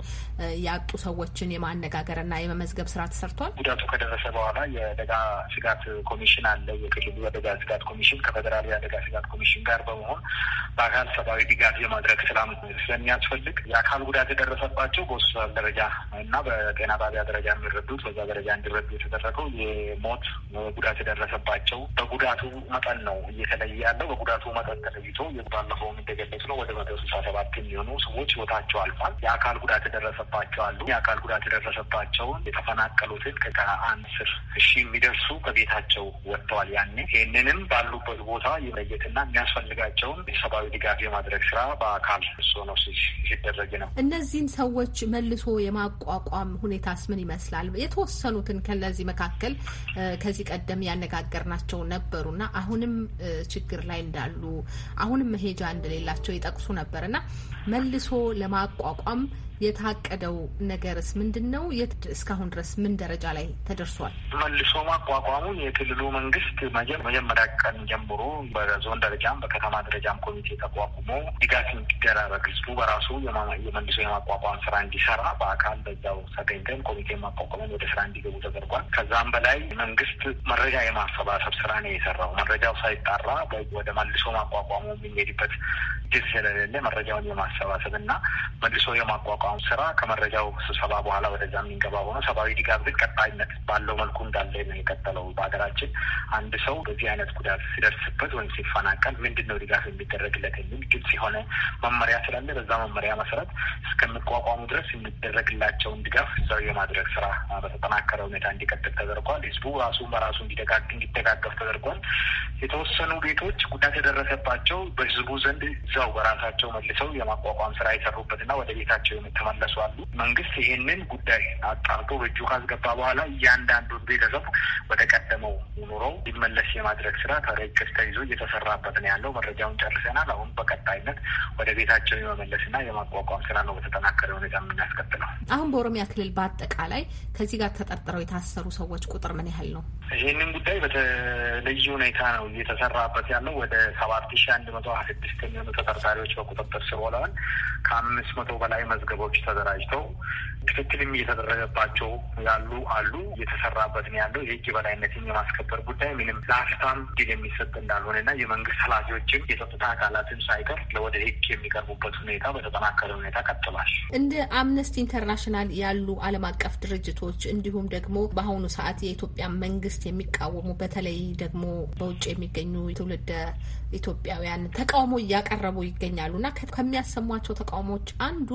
ያጡ ሰዎችን የማነጋገርና የመመዝገብ ስራ ተሰርቷል። ጉዳቱ ከደረሰ በኋላ የአደጋ ስጋት ኮሚሽን አለ። የክልሉ አደጋ ስጋት ኮሚሽን ከፌዴራሉ የአደጋ ስጋት ኮሚሽን ጋር በመሆን በአካል ሰብአዊ ድጋፍ የማድረግ ስራ ስለሚያስፈልግ የአካል ጉዳት የደረሰባቸው በሆስፒታል ደረጃ እና በጤና ጣቢያ ደረጃ የሚረዱት በዛ ደረጃ እንዲረዱ የተደረገው የሞት ጉዳት የደረሰባቸው በጉዳቱ መጠን ነው እየተለየ ያለው። በጉዳቱ መጠን ተለይቶ ባለፈውም እንደገለጽ ነው ወደ መቶ ስልሳ ሰባት የሚሆኑ ሰዎች ህይወታቸው አልፏል። የአካል ጉዳት የደረሰባቸው አሉ። የአካል ጉዳት የደረሰባቸውን የተፈናቀሉትን ከአንድ ስር እሺ የሚደርሱ ከቤታቸው ወጥተዋል። ያኔ ይህንንም ባሉበት ቦታ የመለየትና የሚያስፈልጋቸውን የሰብአዊ ድጋፍ የማድረግ ስራ በአካል እሱ ነው ሲደረግ ነው። እነዚህን ሰዎች መልሶ የማቋቋም ሁኔታስ ምን ይመስላል? የተወሰኑትን ከነዚህ መካከል ከዚህ ቀ ቀደም ያነጋገርናቸው ነበሩና አሁንም ችግር ላይ እንዳሉ አሁንም መሄጃ እንደሌላቸው ይጠቅሱ ነበርና መልሶ ለማቋቋም የታቀደው ነገርስ ምንድን ነው? እስካሁን ድረስ ምን ደረጃ ላይ ተደርሷል? መልሶ ማቋቋሙን የክልሉ መንግስት መጀመሪያ ቀን ጀምሮ በዞን ደረጃም በከተማ ደረጃም ኮሚቴ ተቋቁሞ ድጋፍ እንዲደራረግ ህዝቡ በራሱ የመልሶ የማቋቋም ስራ እንዲሰራ በአካል በዛው ተገኝተን ኮሚቴ ማቋቋመን ወደ ስራ እንዲገቡ ተደርጓል። ከዛም በላይ መንግስት መረጃ የማሰባሰብ ስራ ነው የሰራው። መረጃው ሳይጣራ ወደ መልሶ ማቋቋሙ የሚሄድበት ጅት ስለሌለ መረጃውን የማሰባሰብ እና መልሶ የማቋቋም የሚሰራውን ስራ ከመረጃው ስብሰባ በኋላ ወደዛ የሚንገባ ሆኖ ሰብአዊ ድጋፍ ግን ቀጣይነት ባለው መልኩ እንዳለ ነው የቀጠለው። በሀገራችን አንድ ሰው በዚህ አይነት ጉዳት ሲደርስበት ወይም ሲፈናቀል ምንድን ነው ድጋፍ የሚደረግለት የሚል ግልጽ የሆነ መመሪያ ስላለ በዛ መመሪያ መሰረት እስከሚቋቋሙ ድረስ የሚደረግላቸውን ድጋፍ እዛው የማድረግ ስራ በተጠናከረ ሁኔታ እንዲቀጥል ተደርጓል። ህዝቡ ራሱን በራሱ እንዲደጋገፍ ተደርጓል። የተወሰኑ ቤቶች ጉዳት የደረሰባቸው በህዝቡ ዘንድ እዛው በራሳቸው መልሰው የማቋቋም ስራ የሰሩበትና ወደ ቤታቸው የምታ የተመለሱ አሉ። መንግስት ይህንን ጉዳይ አጣርቶ በእጁ ካስገባ በኋላ እያንዳንዱን ቤተሰብ ወደ ቀደመው ኑሮ ሊመለስ የማድረግ ስራ ከረቅስ ተይዞ እየተሰራበት ነው ያለው። መረጃውን ጨርሰናል። አሁን በቀጣይነት ወደ ቤታቸው የመመለስና የማቋቋም ስራ ነው በተጠናከረ ሁኔታ የምናስቀጥለው። አሁን በኦሮሚያ ክልል በአጠቃላይ ከዚህ ጋር ተጠርጥረው የታሰሩ ሰዎች ቁጥር ምን ያህል ነው? ይህንን ጉዳይ በተለየ ሁኔታ ነው እየተሰራበት ያለው። ወደ ሰባት ሺ አንድ መቶ ሀያ ስድስት የሚሆኑ ተጠርጣሪዎች በቁጥጥር ስር ውለዋል። ከአምስት መቶ በላይ መዝገቦ ተደራጅተው ክትትልም እየተደረገባቸው ያሉ አሉ። እየተሰራበት ነው ያለው የህግ የበላይነትን የማስከበር ጉዳይ ምንም ለአፍታም ድል የሚሰጥ እንዳልሆነ እና የመንግስት ኃላፊዎችም የጸጥታ አካላትን ሳይቀር ለወደ ህግ የሚቀርቡበት ሁኔታ በተጠናከረ ሁኔታ ቀጥሏል። እንደ አምነስቲ ኢንተርናሽናል ያሉ ዓለም አቀፍ ድርጅቶች እንዲሁም ደግሞ በአሁኑ ሰዓት የኢትዮጵያ መንግስት የሚቃወሙ በተለይ ደግሞ በውጭ የሚገኙ ትውልደ ኢትዮጵያውያን ተቃውሞ እያቀረቡ ይገኛሉ እና ከሚያሰሟቸው ተቃውሞዎች አንዱ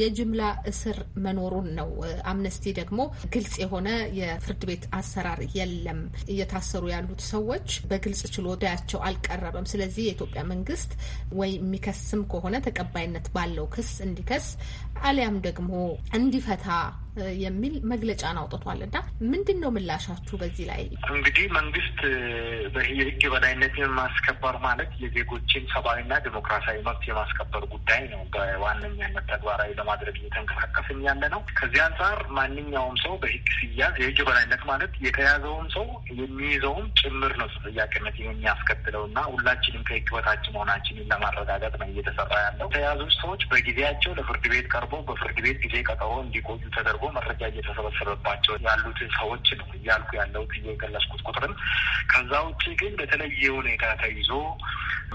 የጅምላ እስር መኖሩ መኖሩን ነው። አምነስቲ ደግሞ ግልጽ የሆነ የፍርድ ቤት አሰራር የለም፣ እየታሰሩ ያሉት ሰዎች በግልጽ ችሎታቸው አልቀረበም። ስለዚህ የኢትዮጵያ መንግስት ወይ የሚከስም ከሆነ ተቀባይነት ባለው ክስ እንዲከስ አሊያም ደግሞ እንዲፈታ የሚል መግለጫን አውጥቷል እና ምንድን ነው ምላሻችሁ በዚህ ላይ? እንግዲህ መንግስት የህግ በላይነት የማስከበር ማለት የዜጎችን ሰብአዊና ዲሞክራሲያዊ መብት የማስከበር ጉዳይ ነው በዋነኛነት ተግባራዊ ለማድረግ እየተንቀሳቀስን ያለ ነው። ከዚህ አንጻር ማንኛውም ሰው በህግ ሲያዝ የህግ የበላይነት ማለት የተያዘውም ሰው የሚይዘውም ጭምር ነው ተጠያቂነት የሚያስከትለው እና ሁላችንም ከህግ በታች መሆናችንን ለማረጋገጥ ነው እየተሰራ ያለው። የተያዙ ሰዎች በጊዜያቸው ለፍርድ ቤት ቀርበው በፍርድ ቤት ጊዜ ቀጠሮ እንዲቆዩ ተደርጎ ተደርጎ መረጃ እየተሰበሰበባቸው ያሉት ሰዎች ነው እያልኩ ያለሁት እየገለጽኩት ቁጥርም። ከዛ ውጭ ግን በተለየ ሁኔታ ተይዞ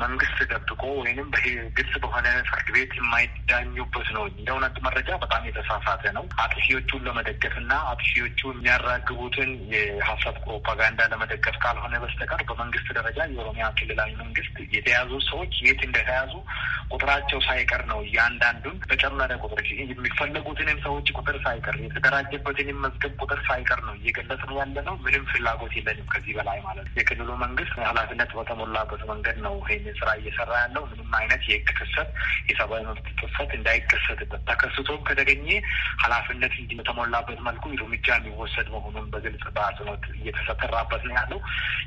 መንግስት ደብቆ ወይንም በግልጽ በሆነ ፍርድ ቤት የማይዳኙበት ነው እንደውነት መረጃ በጣም የተሳሳተ ነው። አጥፊዎቹን ለመደገፍ እና አጥፊዎቹ የሚያራግቡትን የሀሰት ፕሮፓጋንዳ ለመደገፍ ካልሆነ በስተቀር በመንግስት ደረጃ የኦሮሚያ ክልላዊ መንግስት የተያዙ ሰዎች የት እንደተያዙ ቁጥራቸው ሳይቀር ነው እያንዳንዱን በጨመረ ቁጥር የሚፈለጉትንም ሰዎች ቁጥር ሳይቀር የተደራጀበትን መዝገብ ቁጥር ሳይቀር ነው እየገለጽ ነው ያለ ነው። ምንም ፍላጎት የለንም ከዚህ በላይ ማለት ነው። የክልሉ መንግስት ኃላፊነት በተሞላበት መንገድ ነው ይህን ስራ እየሰራ ያለው። ምንም አይነት የህግ ጥሰት፣ የሰብአዊ መብት ጥሰት እንዳይከሰትበት ተከስቶም ከተገኘ ኃላፊነት በተሞላበት መልኩ እርምጃ የሚወሰድ መሆኑን በግልጽ በአጽንኦት እየተሰተራበት ነው ያለው።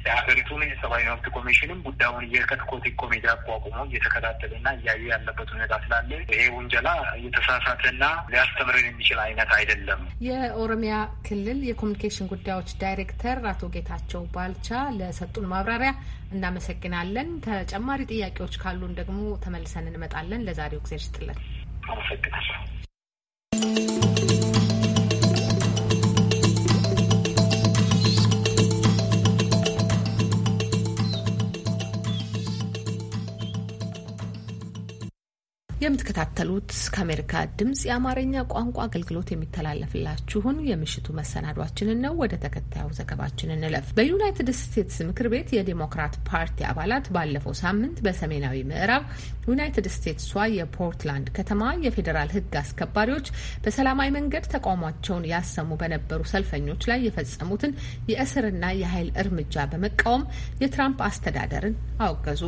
የሀገሪቱን የሰብአዊ መብት ኮሚሽንም ጉዳዩን የከትኮት ኮሚቴ አቋቁሞ እየተከታተለና እያየ ያለበት ሁኔታ ስላለ ይሄ ውንጀላ እየተሳሳተና ሊያስተምረን የሚችል አይነት አይደለም። የለም። የኦሮሚያ ክልል የኮሚኒኬሽን ጉዳዮች ዳይሬክተር አቶ ጌታቸው ባልቻ ለሰጡን ማብራሪያ እናመሰግናለን። ተጨማሪ ጥያቄዎች ካሉን ደግሞ ተመልሰን እንመጣለን። ለዛሬው ጊዜ ይስጥልን። አመሰግናለሁ። የምትከታተሉት ከአሜሪካ ድምጽ የአማርኛ ቋንቋ አገልግሎት የሚተላለፍላችሁን የምሽቱ መሰናዷችንን ነው። ወደ ተከታዩ ዘገባችን እንለፍ። በዩናይትድ ስቴትስ ምክር ቤት የዴሞክራት ፓርቲ አባላት ባለፈው ሳምንት በሰሜናዊ ምዕራብ ዩናይትድ ስቴትሷ የፖርትላንድ ከተማ የፌዴራል ሕግ አስከባሪዎች በሰላማዊ መንገድ ተቃውሟቸውን ያሰሙ በነበሩ ሰልፈኞች ላይ የፈጸሙትን የእስርና የኃይል እርምጃ በመቃወም የትራምፕ አስተዳደርን አወገዙ።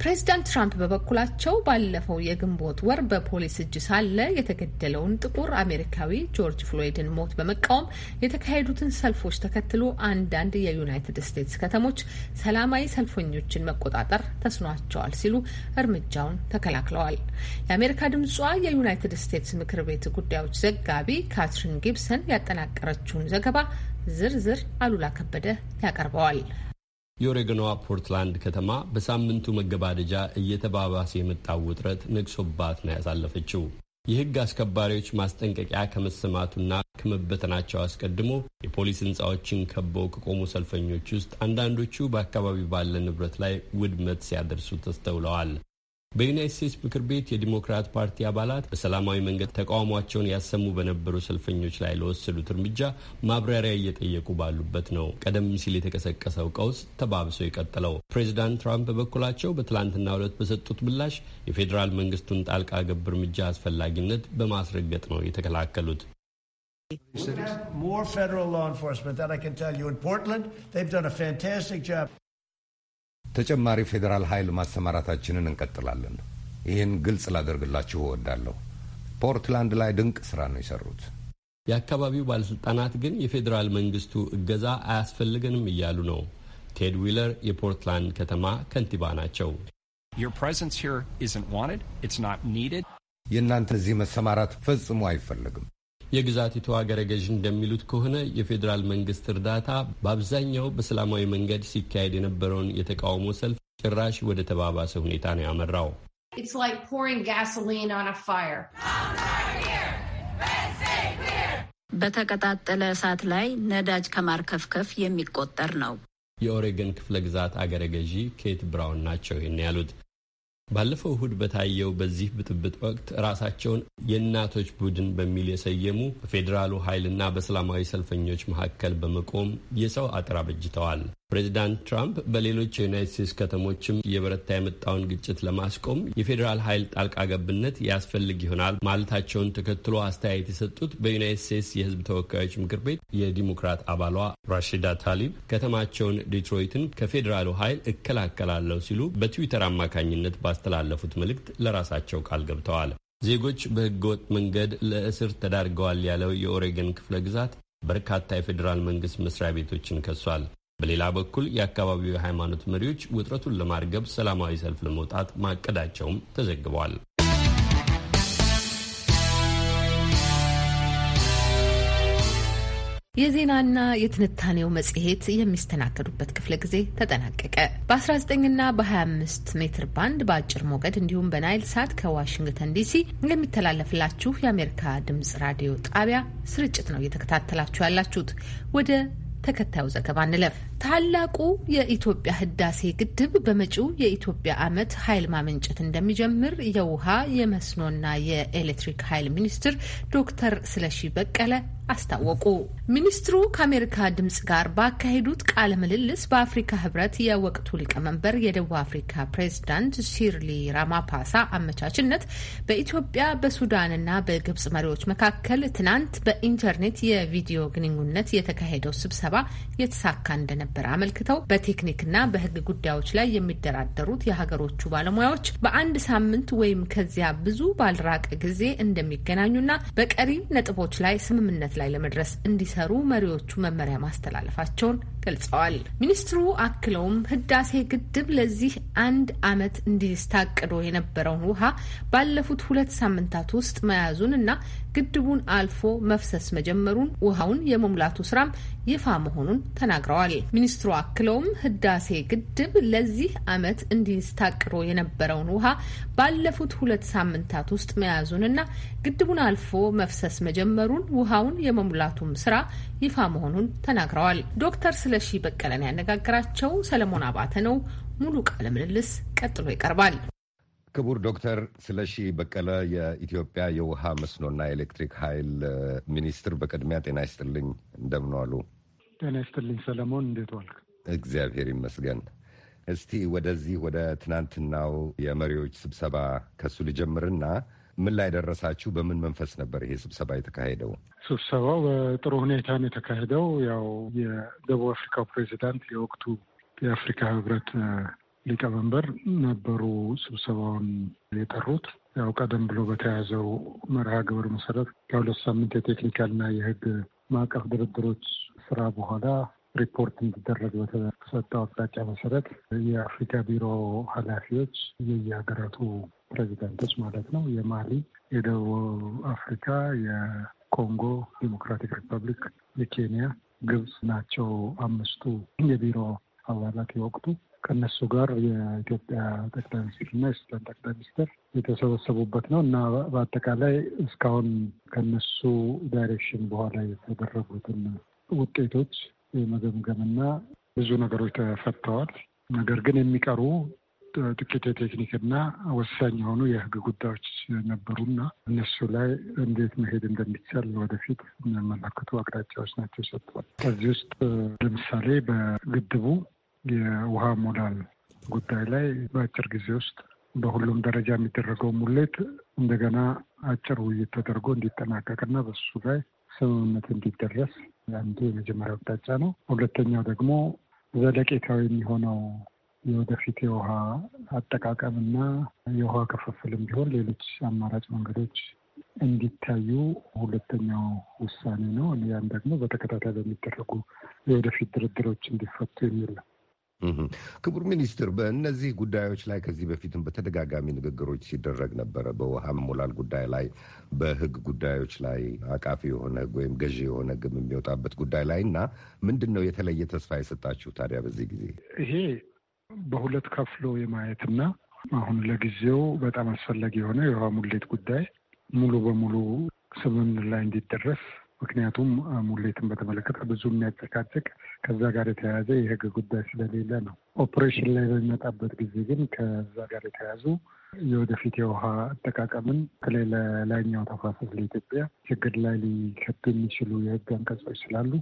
ፕሬዚዳንት ትራምፕ በበኩላቸው ባለፈው የግንቦት ወር በፖሊስ እጅ ሳለ የተገደለውን ጥቁር አሜሪካዊ ጆርጅ ፍሎይድን ሞት በመቃወም የተካሄዱትን ሰልፎች ተከትሎ አንዳንድ የዩናይትድ ስቴትስ ከተሞች ሰላማዊ ሰልፈኞችን መቆጣጠር ተስኗቸዋል ሲሉ እርምጃውን ተከላክለዋል። የአሜሪካ ድምጿ የዩናይትድ ስቴትስ ምክር ቤት ጉዳዮች ዘጋቢ ካትሪን ጊብሰን ያጠናቀረችውን ዘገባ ዝርዝር አሉላ ከበደ ያቀርበዋል። የኦሬገኗ ፖርትላንድ ከተማ በሳምንቱ መገባደጃ እየተባባሰ የመጣው ውጥረት ነግሶባት ነው ያሳለፈችው። የሕግ አስከባሪዎች ማስጠንቀቂያ ከመሰማቱና ከመበተናቸው አስቀድሞ የፖሊስ ሕንፃዎችን ከበው ከቆሙ ሰልፈኞች ውስጥ አንዳንዶቹ በአካባቢው ባለ ንብረት ላይ ውድመት ሲያደርሱ ተስተውለዋል። በዩናይት ስቴትስ ምክር ቤት የዲሞክራት ፓርቲ አባላት በሰላማዊ መንገድ ተቃውሟቸውን ያሰሙ በነበሩ ሰልፈኞች ላይ ለወሰዱት እርምጃ ማብራሪያ እየጠየቁ ባሉበት ነው ቀደም ሲል የተቀሰቀሰው ቀውስ ተባብሶ የቀጠለው። ፕሬዚዳንት ትራምፕ በበኩላቸው በትላንትናው ዕለት በሰጡት ምላሽ የፌዴራል መንግስቱን ጣልቃ ገብ እርምጃ አስፈላጊነት በማስረገጥ ነው የተከላከሉት። more federal law enforcement. That I can tell you. In Portland, they've done a fantastic job. ተጨማሪ ፌዴራል ኃይል ማሰማራታችንን እንቀጥላለን። ይህን ግልጽ ላደርግላችሁ እወዳለሁ። ፖርትላንድ ላይ ድንቅ ስራ ነው የሰሩት። የአካባቢው ባለሥልጣናት ግን የፌዴራል መንግስቱ እገዛ አያስፈልገንም እያሉ ነው። ቴድ ዊለር የፖርትላንድ ከተማ ከንቲባ ናቸው። የእናንተ እዚህ መሰማራት ፈጽሞ አይፈልግም የግዛቲቱ ሀገረ ገዥ እንደሚሉት ከሆነ የፌዴራል መንግስት እርዳታ በአብዛኛው በሰላማዊ መንገድ ሲካሄድ የነበረውን የተቃውሞ ሰልፍ ጭራሽ ወደ ተባባሰ ሁኔታ ነው ያመራው። በተቀጣጠለ እሳት ላይ ነዳጅ ከማርከፍከፍ የሚቆጠር ነው። የኦሬገን ክፍለ ግዛት አገረ ገዢ ኬት ብራውን ናቸው ይህን ያሉት። ባለፈው እሁድ በታየው በዚህ ብጥብጥ ወቅት ራሳቸውን የእናቶች ቡድን በሚል የሰየሙ በፌዴራሉ ኃይልና በሰላማዊ ሰልፈኞች መካከል በመቆም የሰው አጥር አበጅተዋል። ፕሬዚዳንት ትራምፕ በሌሎች የዩናይት ስቴትስ ከተሞችም የበረታ የመጣውን ግጭት ለማስቆም የፌዴራል ኃይል ጣልቃ ገብነት ያስፈልግ ይሆናል ማለታቸውን ተከትሎ አስተያየት የሰጡት በዩናይት ስቴትስ የሕዝብ ተወካዮች ምክር ቤት የዲሞክራት አባሏ ራሺዳ ታሊብ ከተማቸውን ዲትሮይትን ከፌዴራሉ ኃይል እከላከላለሁ ሲሉ በትዊተር አማካኝነት ባስተላለፉት መልእክት ለራሳቸው ቃል ገብተዋል። ዜጎች በህገወጥ መንገድ ለእስር ተዳርገዋል ያለው የኦሬገን ክፍለ ግዛት በርካታ የፌዴራል መንግስት መስሪያ ቤቶችን ከሷል። በሌላ በኩል የአካባቢው የሃይማኖት መሪዎች ውጥረቱን ለማርገብ ሰላማዊ ሰልፍ ለመውጣት ማቀዳቸውም ተዘግቧል። የዜናና የትንታኔው መጽሔት የሚስተናገዱበት ክፍለ ጊዜ ተጠናቀቀ። በ19ና በ25 ሜትር ባንድ በአጭር ሞገድ እንዲሁም በናይል ሳት ከዋሽንግተን ዲሲ እንደሚተላለፍላችሁ የአሜሪካ ድምጽ ራዲዮ ጣቢያ ስርጭት ነው እየተከታተላችሁ ያላችሁት ወደ ተከታዩ ዘገባ እንለፍ። ታላቁ የኢትዮጵያ ህዳሴ ግድብ በመጪው የኢትዮጵያ ዓመት ኃይል ማመንጨት እንደሚጀምር የውሃ የመስኖና የኤሌክትሪክ ኃይል ሚኒስትር ዶክተር ስለሺ በቀለ አስታወቁ። ሚኒስትሩ ከአሜሪካ ድምጽ ጋር ባካሄዱት ቃለ ምልልስ በአፍሪካ ህብረት የወቅቱ ሊቀመንበር የደቡብ አፍሪካ ፕሬዝዳንት ሲርሊ ራማፓሳ አመቻችነት በኢትዮጵያ በሱዳንና በግብጽ መሪዎች መካከል ትናንት በኢንተርኔት የቪዲዮ ግንኙነት የተካሄደው ስብሰባ የተሳካ እንደነበረ አመልክተው በቴክኒክና በህግ ጉዳዮች ላይ የሚደራደሩት የሀገሮቹ ባለሙያዎች በአንድ ሳምንት ወይም ከዚያ ብዙ ባልራቀ ጊዜ እንደሚገናኙና በቀሪ ነጥቦች ላይ ስምምነት ላይ ለመድረስ እንዲሰሩ መሪዎቹ መመሪያ ማስተላለፋቸውን ገልጸዋል። ሚኒስትሩ አክለውም ህዳሴ ግድብ ለዚህ አንድ ዓመት እንዲስታቅዶ የነበረውን ውሃ ባለፉት ሁለት ሳምንታት ውስጥ መያዙን እና ግድቡን አልፎ መፍሰስ መጀመሩን ውሃውን የመሙላቱ ስራም ይፋ መሆኑን ተናግረዋል። ሚኒስትሩ አክለውም ህዳሴ ግድብ ለዚህ ዓመት እንዲስታቅዶ የነበረውን ውሃ ባለፉት ሁለት ሳምንታት ውስጥ እና ግድቡን አልፎ መፍሰስ መጀመሩን ውሃውን የመሙላቱም ስራ ይፋ መሆኑን ተናግረዋል። ዶክተር ስለሺ በቀለን ያነጋግራቸው ሰለሞን አባተ ነው። ሙሉ ቃለ ምልልስ ቀጥሎ ይቀርባል። ክቡር ዶክተር ስለሺ በቀለ የኢትዮጵያ የውሃ መስኖና ኤሌክትሪክ ኃይል ሚኒስትር፣ በቅድሚያ ጤና ይስጥልኝ። እንደምን ዋሉ? ጤና ይስጥልኝ ሰለሞን፣ እንዴት ዋልክ? እግዚአብሔር ይመስገን። እስቲ ወደዚህ ወደ ትናንትናው የመሪዎች ስብሰባ ከሱ ልጀምርና ምን ላይ ደረሳችሁ? በምን መንፈስ ነበር ይሄ ስብሰባ የተካሄደው? ስብሰባው በጥሩ ሁኔታ ነው የተካሄደው። ያው የደቡብ አፍሪካው ፕሬዚዳንት የወቅቱ የአፍሪካ ህብረት ሊቀመንበር ነበሩ ስብሰባውን የጠሩት። ያው ቀደም ብሎ በተያዘው መርሃ ግብር መሰረት ከሁለት ሳምንት የቴክኒካልና የህግ ማዕቀፍ ድርድሮች ስራ በኋላ ሪፖርት እንዲደረግ በተሰጠው አቅጣጫ መሰረት የአፍሪካ ቢሮ ኃላፊዎች የየሀገራቱ ፕሬዚዳንቶች ማለት ነው የማሊ፣ የደቡብ አፍሪካ፣ የኮንጎ ዲሞክራቲክ ሪፐብሊክ፣ የኬንያ፣ ግብጽ ናቸው አምስቱ የቢሮ አባላት የወቅቱ ከእነሱ ጋር የኢትዮጵያ ጠቅላይ ሚኒስትርና የሱዳን ጠቅላይ ሚኒስትር የተሰበሰቡበት ነው እና በአጠቃላይ እስካሁን ከነሱ ዳይሬክሽን በኋላ የተደረጉትን ውጤቶች የመገምገምና ብዙ ነገሮች ተፈተዋል። ነገር ግን የሚቀሩ ጥቂት የቴክኒክና ወሳኝ የሆኑ የህግ ጉዳዮች ነበሩና እነሱ ላይ እንዴት መሄድ እንደሚቻል ወደፊት የሚያመለክቱ አቅጣጫዎች ናቸው ሰጥቷል። ከዚህ ውስጥ ለምሳሌ በግድቡ የውሃ ሞላል ጉዳይ ላይ በአጭር ጊዜ ውስጥ በሁሉም ደረጃ የሚደረገው ሙሌት እንደገና አጭር ውይይት ተደርጎ እንዲጠናቀቅና በሱ ላይ ስምምነት እንዲደረስ አንዱ የመጀመሪያው አቅጣጫ ነው። ሁለተኛው ደግሞ ዘለቄታዊ የሚሆነው የወደፊት የውሃ አጠቃቀምና የውሃ ክፍፍልም ቢሆን ሌሎች አማራጭ መንገዶች እንዲታዩ ሁለተኛው ውሳኔ ነው። ያን ደግሞ በተከታታይ በሚደረጉ የወደፊት ድርድሮች እንዲፈቱ የሚል ነው። ክቡር ሚኒስትር በእነዚህ ጉዳዮች ላይ ከዚህ በፊትም በተደጋጋሚ ንግግሮች ሲደረግ ነበረ። በውሃም ሞላል ጉዳይ ላይ፣ በህግ ጉዳዮች ላይ አቃፊ የሆነ ህግ ወይም ገዢ የሆነ ህግ የሚወጣበት ጉዳይ ላይ እና ምንድን ነው የተለየ ተስፋ የሰጣችሁ ታዲያ በዚህ ጊዜ? ይሄ በሁለት ከፍሎ የማየትና አሁን ለጊዜው በጣም አስፈላጊ የሆነ የውሃ ሙሌት ጉዳይ ሙሉ በሙሉ ስምምነት ላይ እንዲደረስ ምክንያቱም ሙሌትን በተመለከተ ብዙ የሚያጨቃጭቅ ከዛ ጋር የተያያዘ የህግ ጉዳይ ስለሌለ ነው። ኦፕሬሽን ላይ በሚመጣበት ጊዜ ግን ከዛ ጋር የተያያዙ የወደፊት የውሃ አጠቃቀምን በተለይ ለላይኛው ተፋሰስ ለኢትዮጵያ ችግር ላይ ሊከቱ የሚችሉ የህግ አንቀጾች ስላሉ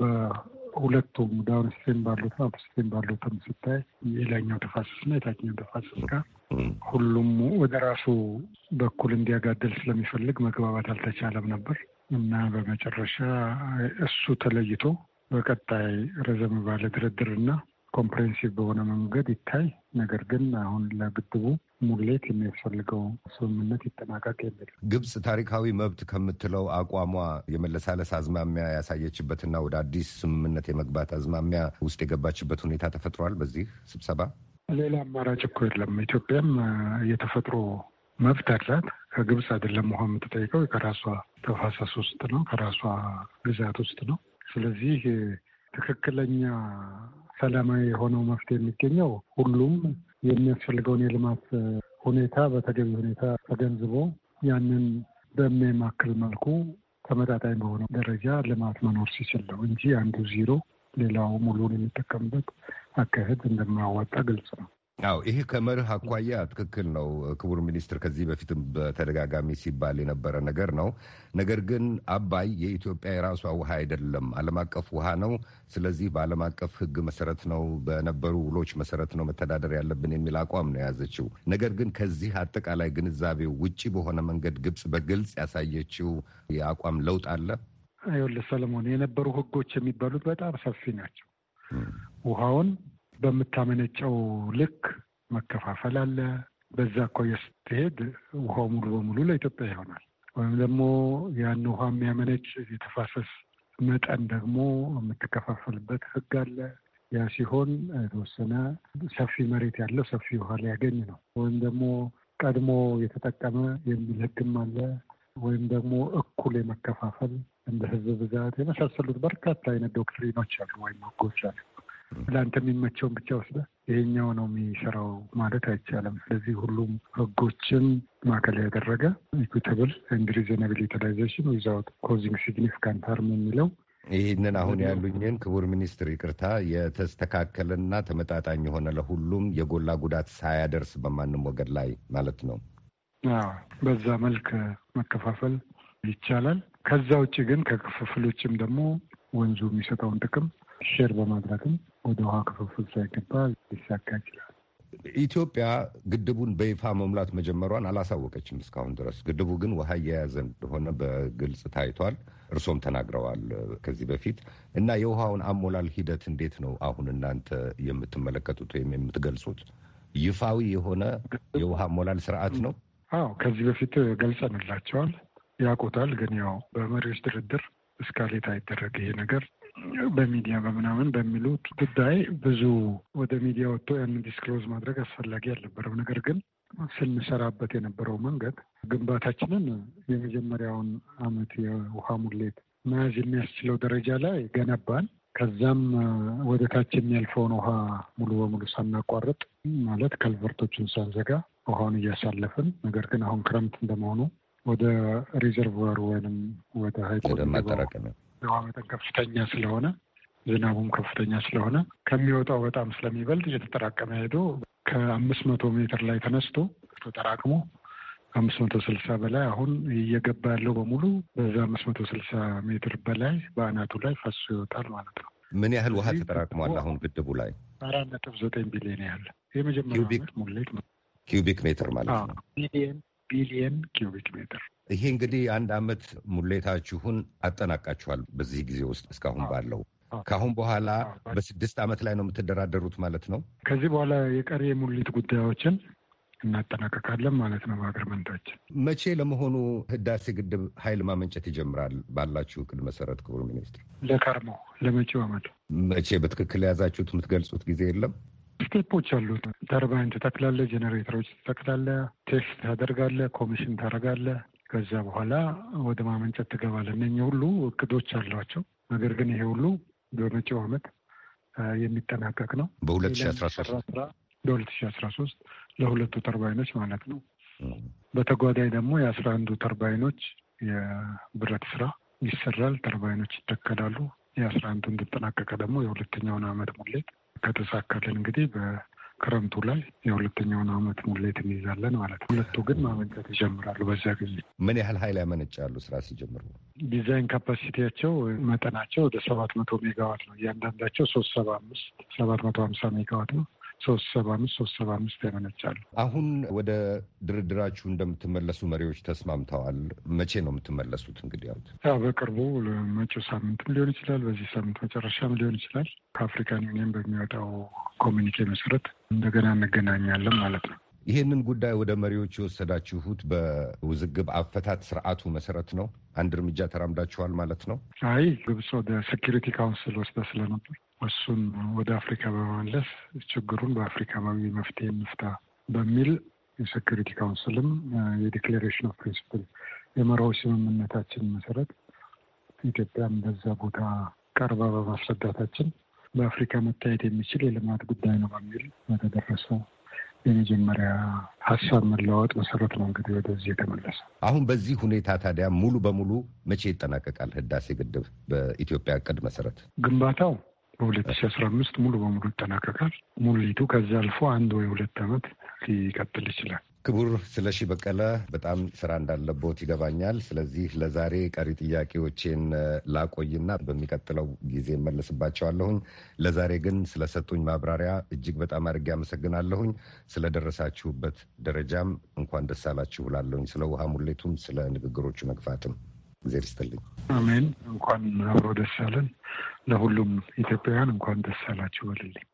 በሁለቱም ዳውን ባሉት ባሉትም ባሉትም ስታይ የላይኛው ተፋሰስና የታችኛው ተፋሰስ ጋር ሁሉም ወደ ራሱ በኩል እንዲያጋደል ስለሚፈልግ መግባባት አልተቻለም ነበር። እና በመጨረሻ እሱ ተለይቶ በቀጣይ ረዘም ባለ ድርድርና ኮምፕሬንሲቭ በሆነ መንገድ ይታይ። ነገር ግን አሁን ለግድቡ ሙሌት የሚያስፈልገው ስምምነት ይጠናቀቅ የሚል ግብጽ ታሪካዊ መብት ከምትለው አቋሟ የመለሳለስ አዝማሚያ ያሳየችበትና ወደ አዲስ ስምምነት የመግባት አዝማሚያ ውስጥ የገባችበት ሁኔታ ተፈጥሯል። በዚህ ስብሰባ ሌላ አማራጭ እኮ የለም። ኢትዮጵያም የተፈጥሮ መብት አላት። ከግብፅ አይደለም ውሃ የምትጠይቀው ከራሷ ተፋሰስ ውስጥ ነው፣ ከራሷ ግዛት ውስጥ ነው። ስለዚህ ትክክለኛ ሰላማዊ የሆነው መፍትሄ የሚገኘው ሁሉም የሚያስፈልገውን የልማት ሁኔታ በተገቢ ሁኔታ ተገንዝቦ ያንን በሚያማክል መልኩ ተመጣጣኝ በሆነ ደረጃ ልማት መኖር ሲችል ነው እንጂ አንዱ ዜሮ ሌላው ሙሉን የሚጠቀምበት አካሄድ እንደማያዋጣ ግልጽ ነው። አዎ ይህ ከመርህ አኳያ ትክክል ነው። ክቡር ሚኒስትር ከዚህ በፊትም በተደጋጋሚ ሲባል የነበረ ነገር ነው። ነገር ግን አባይ የኢትዮጵያ የራሷ ውሃ አይደለም፣ ዓለም አቀፍ ውሃ ነው። ስለዚህ በዓለም አቀፍ ሕግ መሰረት ነው በነበሩ ውሎች መሰረት ነው መተዳደር ያለብን የሚል አቋም ነው የያዘችው። ነገር ግን ከዚህ አጠቃላይ ግንዛቤ ውጪ በሆነ መንገድ ግብጽ በግልጽ ያሳየችው የአቋም ለውጥ አለ። ይኸውልህ ሰለሞን፣ የነበሩ ሕጎች የሚባሉት በጣም ሰፊ ናቸው። ውሃውን በምታመነጨው ልክ መከፋፈል አለ። በዛ አኳያ ስትሄድ ውሃው ሙሉ በሙሉ ለኢትዮጵያ ይሆናል። ወይም ደግሞ ያን ውሃ የሚያመነጭ የተፋሰስ መጠን ደግሞ የምትከፋፈልበት ህግ አለ። ያ ሲሆን የተወሰነ ሰፊ መሬት ያለው ሰፊ ውሃ ሊያገኝ ነው። ወይም ደግሞ ቀድሞ የተጠቀመ የሚል ህግም አለ። ወይም ደግሞ እኩል የመከፋፈል እንደ ህዝብ ብዛት የመሳሰሉት በርካታ አይነት ዶክትሪኖች አሉ ወይም ህጎች አሉ። ለአንተ የሚመቸውን ብቻ ወስደ ይሄኛው ነው የሚሰራው ማለት አይቻልም። ስለዚህ ሁሉም ህጎችን ማዕከል ያደረገ ኢኩተብል ኤንድ ሪዘናብል ዩቲላይዜሽን ዊዛውት ኮዚንግ ሲግኒፊካንት ሃርም የሚለው ይህንን አሁን ያሉኝን ክቡር ሚኒስትር ይቅርታ፣ የተስተካከለና ተመጣጣኝ የሆነ ለሁሉም የጎላ ጉዳት ሳያደርስ በማንም ወገድ ላይ ማለት ነው። በዛ መልክ መከፋፈል ይቻላል። ከዛ ውጭ ግን ከክፍፍሎችም ደግሞ ወንዙ የሚሰጠውን ጥቅም ሼር በማድረግም ወደ ውሃ ክፍፍል ሳይገባ ሊሳካ ይችላል። ኢትዮጵያ ግድቡን በይፋ መሙላት መጀመሯን አላሳወቀችም እስካሁን ድረስ። ግድቡ ግን ውሃ እየያዘ እንደሆነ በግልጽ ታይቷል። እርሶም ተናግረዋል ከዚህ በፊት እና የውሃውን አሞላል ሂደት እንዴት ነው አሁን እናንተ የምትመለከቱት ወይም የምትገልጹት? ይፋዊ የሆነ የውሃ አሞላል ስርዓት ነው? አዎ፣ ከዚህ በፊት ገልጸንላቸዋል። ያውቁታል። ግን ያው በመሪዎች ድርድር እስካሌት አይደረግ ይሄ ነገር በሚዲያ በምናምን በሚሉት ጉዳይ ብዙ ወደ ሚዲያ ወጥቶ ያንን ዲስክሎዝ ማድረግ አስፈላጊ አልነበረም። ነገር ግን ስንሰራበት የነበረው መንገድ ግንባታችንን የመጀመሪያውን አመት የውሃ ሙሌት መያዝ የሚያስችለው ደረጃ ላይ ገነባን። ከዛም ወደ ታች የሚያልፈውን ውሃ ሙሉ በሙሉ ሳናቋርጥ ማለት ከልቨርቶችን ሳንዘጋ ውሃውን እያሳለፍን ነገር ግን አሁን ክረምት እንደመሆኑ ወደ ሪዘርቫሩ ወይንም ወደ ሀይቆ የውሃ መጠን ከፍተኛ ስለሆነ ዝናቡም ከፍተኛ ስለሆነ ከሚወጣው በጣም ስለሚበልጥ እየተጠራቀመ ሄዶ ከአምስት መቶ ሜትር ላይ ተነስቶ ተጠራቅሞ አምስት መቶ ስልሳ በላይ አሁን እየገባ ያለው በሙሉ በዛ አምስት መቶ ስልሳ ሜትር በላይ በአናቱ ላይ ፈሶ ይወጣል ማለት ነው። ምን ያህል ውሃ ተጠራቅሟል? አሁን ግድቡ ላይ አራት ነጥብ ዘጠኝ ቢሊዮን ያህል የመጀመሪያ ሙሌት ኪዩቢክ ሜትር ማለት ነው። ቢሊየን ቢሊየን ኪዩቢክ ሜትር ይሄ እንግዲህ አንድ አመት ሙሌታችሁን አጠናቃችኋል። በዚህ ጊዜ ውስጥ እስካሁን ባለው ከአሁን በኋላ በስድስት አመት ላይ ነው የምትደራደሩት ማለት ነው። ከዚህ በኋላ የቀሪ የሙሊት ጉዳዮችን እናጠናቀቃለን ማለት ነው። በሀገር በአግሪመንታችን መቼ ለመሆኑ ህዳሴ ግድብ ኃይል ማመንጨት ይጀምራል ባላችሁ ቅድ መሰረት? ክቡር ሚኒስትር፣ ለከርሞ ለመጪው አመት መቼ በትክክል የያዛችሁት የምትገልጹት ጊዜ የለም። ስቴፖች አሉት። ተርባይን ትተክላለህ፣ ጄኔሬተሮች ትተክላለህ፣ ቴስት ታደርጋለህ፣ ኮሚሽን ታደርጋለህ፣ ከዛ በኋላ ወደ ማመንጨት ትገባለህ። እነኚህ ሁሉ እቅዶች አሏቸው። ነገር ግን ይሄ ሁሉ በመጪው ዓመት የሚጠናቀቅ ነው። በ2013 በ2013 ለሁለቱ ተርባይኖች ማለት ነው። በተጓዳኝ ደግሞ የአስራ አንዱ ተርባይኖች የብረት ስራ ይሰራል። ተርባይኖች ይተከላሉ። የአስራ አንዱ እንድጠናቀቀ ደግሞ የሁለተኛውን ዓመት ሙሌት ከተሳካልን እንግዲህ ክረምቱ ላይ የሁለተኛውን አመት ሙሌት እንይዛለን ማለት ነው። ሁለቱ ግን ማመንጨት ይጀምራሉ። በዛ ጊዜ ምን ያህል ሀይል ያመነጫሉ? ስራ ሲጀምሩ ዲዛይን ካፓሲቲያቸው መጠናቸው ወደ ሰባት መቶ ሜጋዋት ነው። እያንዳንዳቸው ሶስት ሰባ አምስት ሰባት መቶ ሀምሳ ሜጋዋት ነው። ሶስት ሰባ አምስት ሶስት ሰባ አምስት ያመነጫሉ። አሁን ወደ ድርድራችሁ እንደምትመለሱ መሪዎች ተስማምተዋል። መቼ ነው የምትመለሱት? እንግዲህ ያሉት ያው በቅርቡ መጪው ሳምንትም ሊሆን ይችላል፣ በዚህ ሳምንት መጨረሻም ሊሆን ይችላል። ከአፍሪካን ዩኒየን በሚወጣው ኮሚኒኬ መሰረት እንደገና እንገናኛለን ማለት ነው። ይህንን ጉዳይ ወደ መሪዎች የወሰዳችሁት በውዝግብ አፈታት ስርዓቱ መሰረት ነው። አንድ እርምጃ ተራምዳችኋል ማለት ነው። አይ ግብፅ ወደ ሴኪሪቲ ካውንስል ወስደ ስለነበር እሱን ወደ አፍሪካ በመመለስ ችግሩን በአፍሪካዊ መፍትሄ እንፍታ በሚል የሴኩሪቲ ካውንስልም የዲክሌሬሽን ኦፍ ፕሪንስፕል የመርሆች ስምምነታችን መሰረት ኢትዮጵያን በዛ ቦታ ቀርባ በማስረዳታችን በአፍሪካ መታየት የሚችል የልማት ጉዳይ ነው በሚል በተደረሰ የመጀመሪያ ሀሳብ መለዋወጥ መሰረት ነው እንግዲህ ወደዚህ የተመለሰ። አሁን በዚህ ሁኔታ ታዲያ ሙሉ በሙሉ መቼ ይጠናቀቃል ህዳሴ ግድብ በኢትዮጵያ እቅድ መሰረት ግንባታው በሁለት ሺ አስራ አምስት ሙሉ በሙሉ ይጠናቀቃል። ሙሊቱ ከዚያ አልፎ አንድ ወይ ሁለት ዓመት ሊቀጥል ይችላል። ክቡር ስለሺ በቀለ በጣም ስራ እንዳለቦት ይገባኛል። ስለዚህ ለዛሬ ቀሪ ጥያቄዎቼን ላቆይና በሚቀጥለው ጊዜ መለስባቸዋለሁኝ። ለዛሬ ግን ስለሰጡኝ ማብራሪያ እጅግ በጣም አድርጌ አመሰግናለሁኝ። ስለደረሳችሁበት ደረጃም እንኳን ደስ አላችሁ እላለሁኝ። ስለ ውሃ ሙሌቱም ስለ ንግግሮቹ መግፋትም እግዚአብሔር ይስጥልኝ። አሜን። እንኳን አብሮ ደስ አለን። ለሁሉም ኢትዮጵያውያን እንኳን ደስ አላችሁ በልልኝ።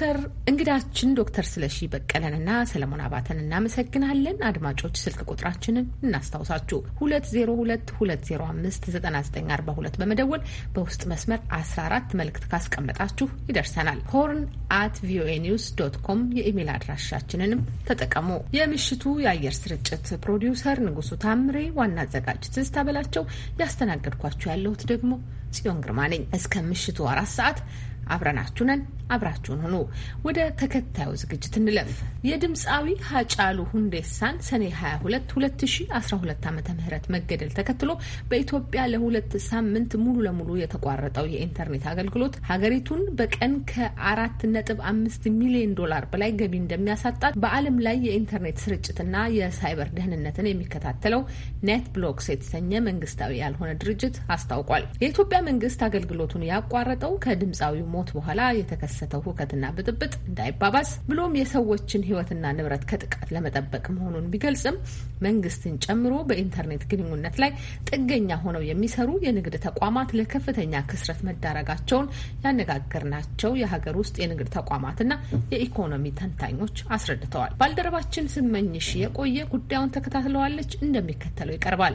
ዶክተር እንግዳችን ዶክተር ስለሺ በቀለንና ሰለሞን አባተን እናመሰግናለን። አድማጮች ስልክ ቁጥራችንን እናስታውሳችሁ 2022059942 በመደወል በውስጥ መስመር 14 መልእክት ካስቀመጣችሁ ይደርሰናል። ሆርን አት ቪኦኤ ኒውስ ዶት ኮም የኢሜል አድራሻችንንም ተጠቀሙ። የምሽቱ የአየር ስርጭት ፕሮዲውሰር ንጉሱ ታምሬ፣ ዋና አዘጋጅ ትዝታ በላቸው፣ ያስተናገድኳችሁ ያለሁት ደግሞ ጽዮን ግርማ ነኝ። እስከ ምሽቱ አራት ሰዓት አብረናችሁ አብራችሁን ሁኑ። ወደ ተከታዩ ዝግጅት እንለፍ። የድምፃዊ ሀጫሉ ሁንዴሳን ሰኔ 22 2012 ዓ ም መገደል ተከትሎ በኢትዮጵያ ለሁለት ሳምንት ሙሉ ለሙሉ የተቋረጠው የኢንተርኔት አገልግሎት ሀገሪቱን በቀን ከአራት ነጥብ 5 ሚሊዮን ዶላር በላይ ገቢ እንደሚያሳጣት በዓለም ላይ የኢንተርኔት ስርጭትና የሳይበር ደህንነትን የሚከታተለው ኔት ብሎክስ የተሰኘ መንግስታዊ ያልሆነ ድርጅት አስታውቋል። የኢትዮጵያ መንግስት አገልግሎቱን ያቋረጠው ከድምፃዊ ሞት በኋላ የተከሰተው ሁከትና ብጥብጥ እንዳይባባስ ብሎም የሰዎችን ህይወትና ንብረት ከጥቃት ለመጠበቅ መሆኑን ቢገልጽም መንግስትን ጨምሮ በኢንተርኔት ግንኙነት ላይ ጥገኛ ሆነው የሚሰሩ የንግድ ተቋማት ለከፍተኛ ክስረት መዳረጋቸውን ያነጋገርናቸው የሀገር ውስጥ የንግድ ተቋማትና የኢኮኖሚ ተንታኞች አስረድተዋል። ባልደረባችን ስመኝሽ የቆየ ጉዳዩን ተከታትለዋለች፣ እንደሚከተለው ይቀርባል።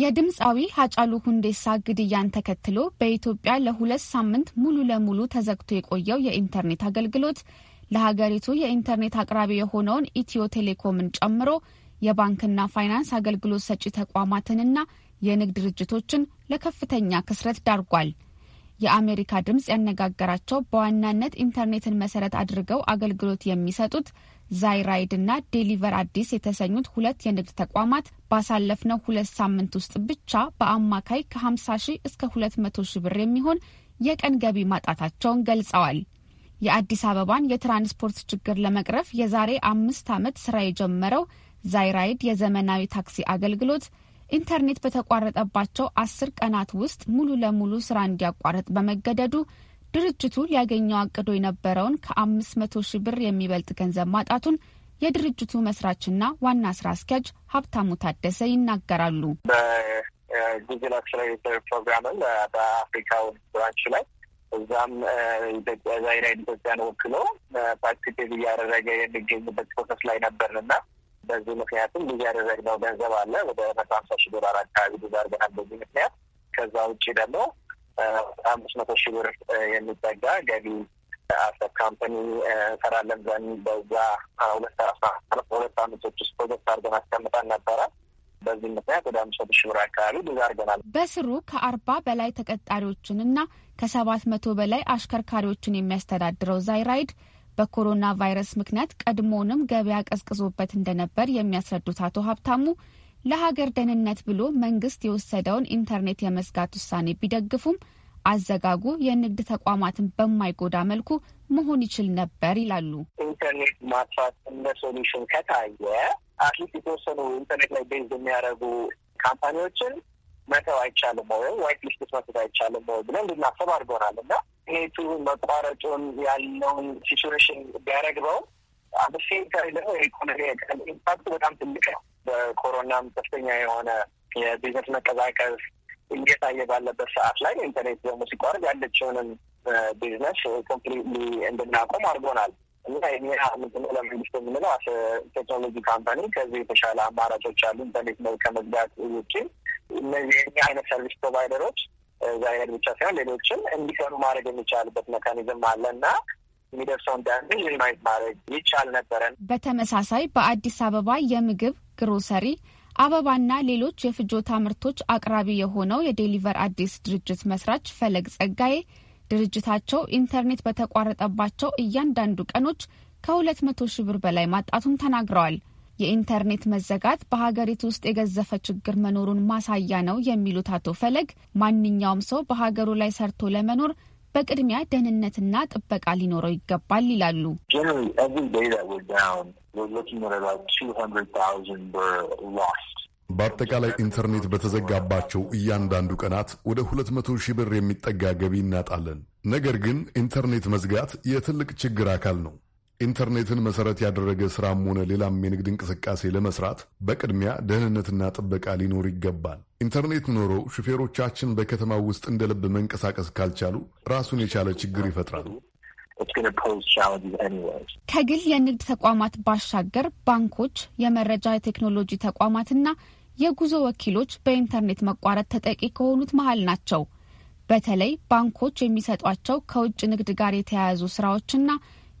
የድምፃዊ ሀጫሉ ሁንዴሳ ግድያን ተከትሎ በኢትዮጵያ ለሁለት ሳምንት ሙሉ ለሙሉ ተዘግቶ የቆየው የኢንተርኔት አገልግሎት ለሀገሪቱ የኢንተርኔት አቅራቢ የሆነውን ኢትዮ ቴሌኮምን ጨምሮ የባንክና ፋይናንስ አገልግሎት ሰጪ ተቋማትንና የንግድ ድርጅቶችን ለከፍተኛ ክስረት ዳርጓል። የአሜሪካ ድምፅ ያነጋገራቸው በዋናነት ኢንተርኔትን መሰረት አድርገው አገልግሎት የሚሰጡት ዛይራይድ እና ዴሊቨር አዲስ የተሰኙት ሁለት የንግድ ተቋማት ባሳለፍነው ሁለት ሳምንት ውስጥ ብቻ በአማካይ ከ50 ሺህ እስከ 200 ሺህ ብር የሚሆን የቀን ገቢ ማጣታቸውን ገልጸዋል። የአዲስ አበባን የትራንስፖርት ችግር ለመቅረፍ የዛሬ አምስት ዓመት ስራ የጀመረው ዛይራይድ የዘመናዊ ታክሲ አገልግሎት ኢንተርኔት በተቋረጠባቸው አስር ቀናት ውስጥ ሙሉ ለሙሉ ስራ እንዲያቋርጥ በመገደዱ ድርጅቱ ሊያገኘው አቅዶ የነበረውን ከ500 ሺህ ብር የሚበልጥ ገንዘብ ማጣቱን የድርጅቱ መስራችና ዋና ስራ አስኪያጅ ሀብታሙ ታደሰ ይናገራሉ። በጉግል አክስለሬተር ፕሮግራም በአፍሪካው ብራንች ላይ እዛም ኢትዮጵያ ዛይራ ኢትዮጵያን ወክሎ ፓርቲፔት እያደረገ የሚገኝበት ፕሮሰስ ላይ ነበርን እና በዚህ ምክንያቱም ብዙ ያደረግነው ገንዘብ አለ ወደ መቶ ሀምሳ ሺህ ዶላር አካባቢ ብዙ አድርገናል። በዚህ ምክንያት ከዛ ውጭ ደግሞ አምስት መቶ ሺህ ብር የሚጠጋ ገቢ አሰብ ካምፓኒ እንሰራለን ዘን በዛ ሁለት አስራ ሁለት አመቶች ውስጥ ፕሮጀክት አድርገን አስቀምጠን ነበረ። በዚህ ምክንያት ወደ አምስት መቶ ሺህ ብር አካባቢ ብዙ አድርገናል። በስሩ ከአርባ በላይ ተቀጣሪዎችን እና ከሰባት መቶ በላይ አሽከርካሪዎችን የሚያስተዳድረው ዛይራይድ በኮሮና ቫይረስ ምክንያት ቀድሞውንም ገበያ ቀዝቅዞበት እንደነበር የሚያስረዱት አቶ ሀብታሙ ለሀገር ደህንነት ብሎ መንግስት የወሰደውን ኢንተርኔት የመዝጋት ውሳኔ ቢደግፉም አዘጋጉ የንግድ ተቋማትን በማይጎዳ መልኩ መሆን ይችል ነበር ይላሉ። ኢንተርኔት ማጥፋት እንደ ሶሉሽን ከታየ አትሊስት የተወሰኑ ኢንተርኔት ላይ ቤዝ የሚያደርጉ ካምፓኒዎችን መተው አይቻልም ወይ ዋይት ሊስት መስጠት አይቻልም ወይ ብለን እንድናስብ አድርጎናል እና ኔቱ መቋረጡን ያለውን ሲቹዌሽን ቢያረግበው አብሼ ደግሞ የኢኮኖሚ ኢምፓክቱ በጣም ትልቅ ነው። በኮሮናም ከፍተኛ የሆነ የቢዝነስ መቀዛቀዝ እየታየ ባለበት ሰዓት ላይ ኢንተርኔት ደግሞ ሲቋረጥ ያለችውንም ቢዝነስ ኮምፕሊትሊ እንድናቆም አድርጎናል እና የኛ ምንድነው ለመንግስት የምንለው ቴክኖሎጂ ካምፓኒ ከዚህ የተሻለ አማራጮች አሉ። ኢንተርኔት መ ከመዝጋት ውጭ እነዚህ የኛ አይነት ሰርቪስ ፕሮቫይደሮች ዛይነድ ብቻ ሳይሆን ሌሎችም እንዲሰሩ ማድረግ የሚቻልበት መካኒዝም አለ እና የሚደርሰውን እንዳለ ይህን ማድረግ ይቻል ነበረን። በተመሳሳይ በአዲስ አበባ የምግብ ግሮሰሪ አበባና ሌሎች የፍጆታ ምርቶች አቅራቢ የሆነው የዴሊቨር አዲስ ድርጅት መስራች ፈለግ ጸጋዬ ድርጅታቸው ኢንተርኔት በተቋረጠባቸው እያንዳንዱ ቀኖች ከሁለት መቶ ሺህ ብር በላይ ማጣቱን ተናግረዋል። የኢንተርኔት መዘጋት በሀገሪቱ ውስጥ የገዘፈ ችግር መኖሩን ማሳያ ነው የሚሉት አቶ ፈለግ ማንኛውም ሰው በሀገሩ ላይ ሰርቶ ለመኖር በቅድሚያ ደህንነትና ጥበቃ ሊኖረው ይገባል ይላሉ። በአጠቃላይ ኢንተርኔት በተዘጋባቸው እያንዳንዱ ቀናት ወደ 200 ሺህ ብር የሚጠጋ ገቢ እናጣለን። ነገር ግን ኢንተርኔት መዝጋት የትልቅ ችግር አካል ነው። ኢንተርኔትን መሰረት ያደረገ ስራም ሆነ ሌላም የንግድ እንቅስቃሴ ለመስራት በቅድሚያ ደህንነትና ጥበቃ ሊኖር ይገባል። ኢንተርኔት ኖሮ ሹፌሮቻችን በከተማ ውስጥ እንደ ልብ መንቀሳቀስ ካልቻሉ ራሱን የቻለ ችግር ይፈጥራል። ከግል የንግድ ተቋማት ባሻገር ባንኮች፣ የመረጃ የቴክኖሎጂ ተቋማትና የጉዞ ወኪሎች በኢንተርኔት መቋረጥ ተጠቂ ከሆኑት መሀል ናቸው። በተለይ ባንኮች የሚሰጧቸው ከውጭ ንግድ ጋር የተያያዙ ስራዎችና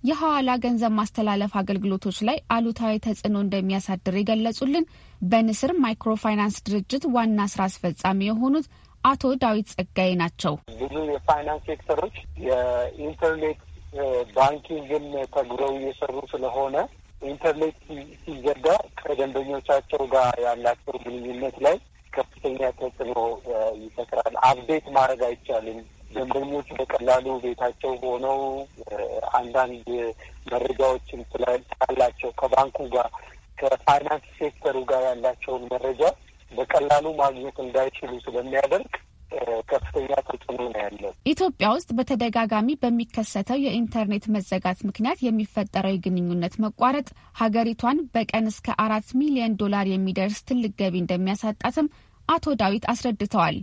የሐዋላ ገንዘብ ማስተላለፍ አገልግሎቶች ላይ አሉታዊ ተጽዕኖ እንደሚያሳድር የገለጹልን በንስር ማይክሮፋይናንስ ድርጅት ዋና ስራ አስፈጻሚ የሆኑት አቶ ዳዊት ጸጋዬ ናቸው። ብዙ የፋይናንስ ሴክተሮች የኢንተርኔት ባንኪንግን ተግረው እየሰሩ ስለሆነ ኢንተርኔት ሲዘጋ ከደንበኞቻቸው ጋር ያላቸው ግንኙነት ላይ ከፍተኛ ተጽዕኖ ይፈጥራል። አፕዴት ማድረግ አይቻልም። ደንበኞቹ በቀላሉ ቤታቸው ሆነው አንዳንድ መረጃዎችን ስላላቸው ከባንኩ ጋር ከፋይናንስ ሴክተሩ ጋር ያላቸውን መረጃ በቀላሉ ማግኘት እንዳይችሉ ስለሚያደርግ ከፍተኛ ተጽዕኖ ነው ያለው። ኢትዮጵያ ውስጥ በተደጋጋሚ በሚከሰተው የኢንተርኔት መዘጋት ምክንያት የሚፈጠረው የግንኙነት መቋረጥ ሀገሪቷን በቀን እስከ አራት ሚሊዮን ዶላር የሚደርስ ትልቅ ገቢ እንደሚያሳጣትም አቶ ዳዊት አስረድተዋል።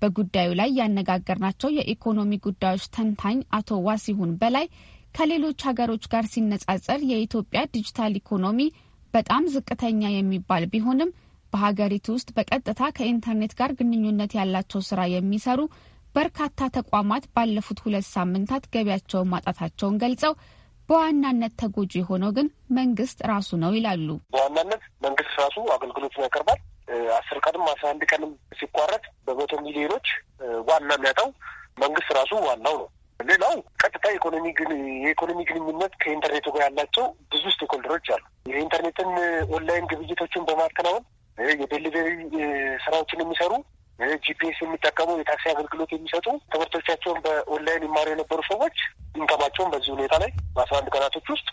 በጉዳዩ ላይ ያነጋገርናቸው የኢኮኖሚ ጉዳዮች ተንታኝ አቶ ዋሲሁን በላይ ከሌሎች ሀገሮች ጋር ሲነጻጸር የኢትዮጵያ ዲጂታል ኢኮኖሚ በጣም ዝቅተኛ የሚባል ቢሆንም በሀገሪቱ ውስጥ በቀጥታ ከኢንተርኔት ጋር ግንኙነት ያላቸው ስራ የሚሰሩ በርካታ ተቋማት ባለፉት ሁለት ሳምንታት ገቢያቸውን ማጣታቸውን ገልጸው በዋናነት ተጎጂ የሆነው ግን መንግስት ራሱ ነው ይላሉ። በዋናነት መንግስት ራሱ አገልግሎቱን ያቀርባል። አስር ቀንም አስራ አንድ ቀንም ሲቋረጥ በመቶ ሚሊዮኖች ዋና የሚያጣው መንግስት ራሱ ዋናው ነው። ሌላው ቀጥታ ኢኮኖሚ የኢኮኖሚ ግንኙነት ከኢንተርኔቱ ጋር ያላቸው ብዙ ስቴክሆልደሮች አሉ። የኢንተርኔትን ኦንላይን ግብይቶችን በማከናወን የዴሊቨሪ ስራዎችን የሚሰሩ ጂፒኤስ የሚጠቀሙ የታክሲ አገልግሎት የሚሰጡ ትምህርቶቻቸውን በኦንላይን ይማሩ የነበሩ ሰዎች ኢንከማቸውን በዚህ ሁኔታ ላይ በአስራ አንድ ቀናቶች ውስጥ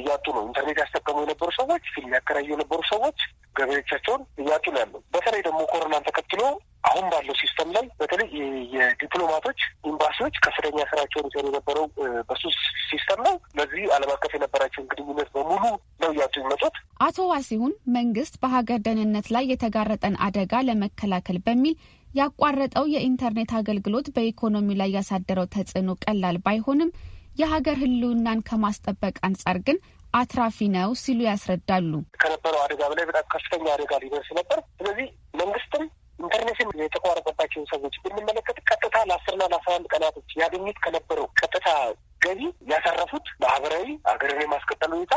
እያጡ ነው። ኢንተርኔት ያስጠቀሙ የነበሩ ሰዎች፣ ፊልም ያከራዩ የነበሩ ሰዎች ገበሬዎቻቸውን እያጡ ነው ያለው። በተለይ ደግሞ ኮሮናን ተከትሎ አሁን ባለው ሲስተም ላይ በተለይ የዲፕሎማቶች ኤምባሲዎች ከፍተኛ ስራቸውን ይሰሩ የነበረው በሱ ሲስተም ነው። ለዚህ ዓለም አቀፍ የነበራቸውን ግንኙነት በሙሉ ነው እያጡ ይመጡት። አቶ ዋሲሁን መንግስት በሀገር ደህንነት ላይ የተጋረጠን አደጋ ለመከላከል በሚል ያቋረጠው የኢንተርኔት አገልግሎት በኢኮኖሚ ላይ ያሳደረው ተጽዕኖ ቀላል ባይሆንም የሀገር ህልውናን ከማስጠበቅ አንጻር ግን አትራፊ ነው ሲሉ ያስረዳሉ። ከነበረው አደጋ በላይ በጣም ከፍተኛ አደጋ ሊደርስ ነበር። ስለዚህ መንግስትም ኢንተርኔሽን የተቋረጠባቸውን ሰዎች ብንመለከት ቀጥታ ለአስርና ለአስራ አንድ ቀናቶች ያገኙት ከነበረው ቀጥታ ገቢ ያሳረፉት ማህበራዊ ሀገርን የማስቀጠል ሁኔታ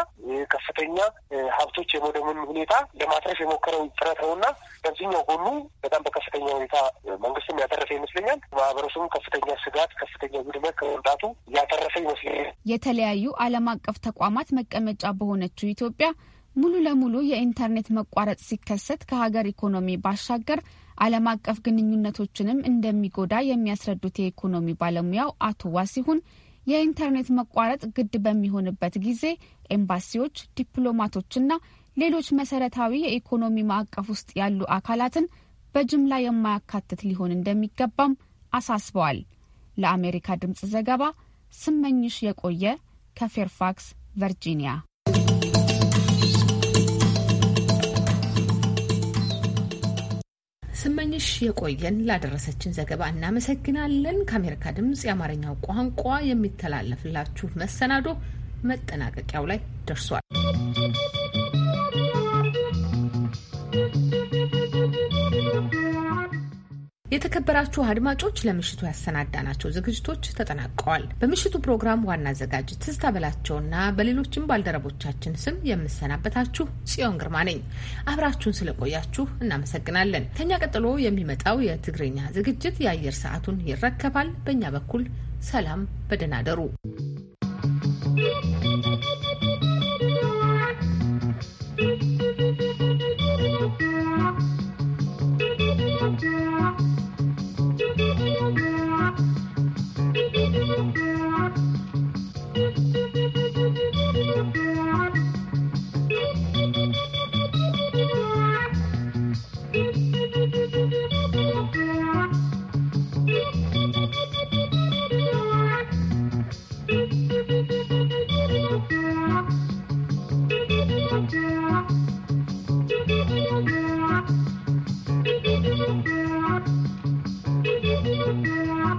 ከፍተኛ ሀብቶች የመውደሙን ሁኔታ ለማትረፍ የሞከረው ጥረት ነው እና በዚህኛው ጎኑ በጣም በከፍተኛ ሁኔታ መንግስትም ያተረፈ ይመስለኛል። ማህበረሰቡም ከፍተኛ ስጋት፣ ከፍተኛ ውድመት ከመምጣቱ ያተረፈ ይመስለኛል። የተለያዩ ዓለም አቀፍ ተቋማት መቀመጫ በሆነችው ኢትዮጵያ ሙሉ ለሙሉ የኢንተርኔት መቋረጥ ሲከሰት ከሀገር ኢኮኖሚ ባሻገር ዓለም አቀፍ ግንኙነቶችንም እንደሚጎዳ የሚያስረዱት የኢኮኖሚ ባለሙያው አቶ ሲሆን የኢንተርኔት መቋረጥ ግድ በሚሆንበት ጊዜ ኤምባሲዎች፣ ዲፕሎማቶችና ሌሎች መሰረታዊ የኢኮኖሚ ማዕቀፍ ውስጥ ያሉ አካላትን በጅምላ የማያካትት ሊሆን እንደሚገባም አሳስበዋል። ለአሜሪካ ድምጽ ዘገባ ስመኝሽ የቆየ ከፌርፋክስ ቨርጂኒያ። ስመኝሽ የቆየን ላደረሰችን ዘገባ እናመሰግናለን። ከአሜሪካ ድምጽ የአማርኛው ቋንቋ የሚተላለፍላችሁ መሰናዶ መጠናቀቂያው ላይ ደርሷል። የተከበራችሁ አድማጮች ለምሽቱ ያሰናዳናቸው ዝግጅቶች ተጠናቀዋል። በምሽቱ ፕሮግራም ዋና አዘጋጅ ትዝታ በላቸውና በሌሎችም ባልደረቦቻችን ስም የምሰናበታችሁ ጽዮን ግርማ ነኝ። አብራችሁን ስለቆያችሁ እናመሰግናለን። ከኛ ቀጥሎ የሚመጣው የትግርኛ ዝግጅት የአየር ሰዓቱን ይረከባል። በእኛ በኩል ሰላም፣ በደህና ደሩ።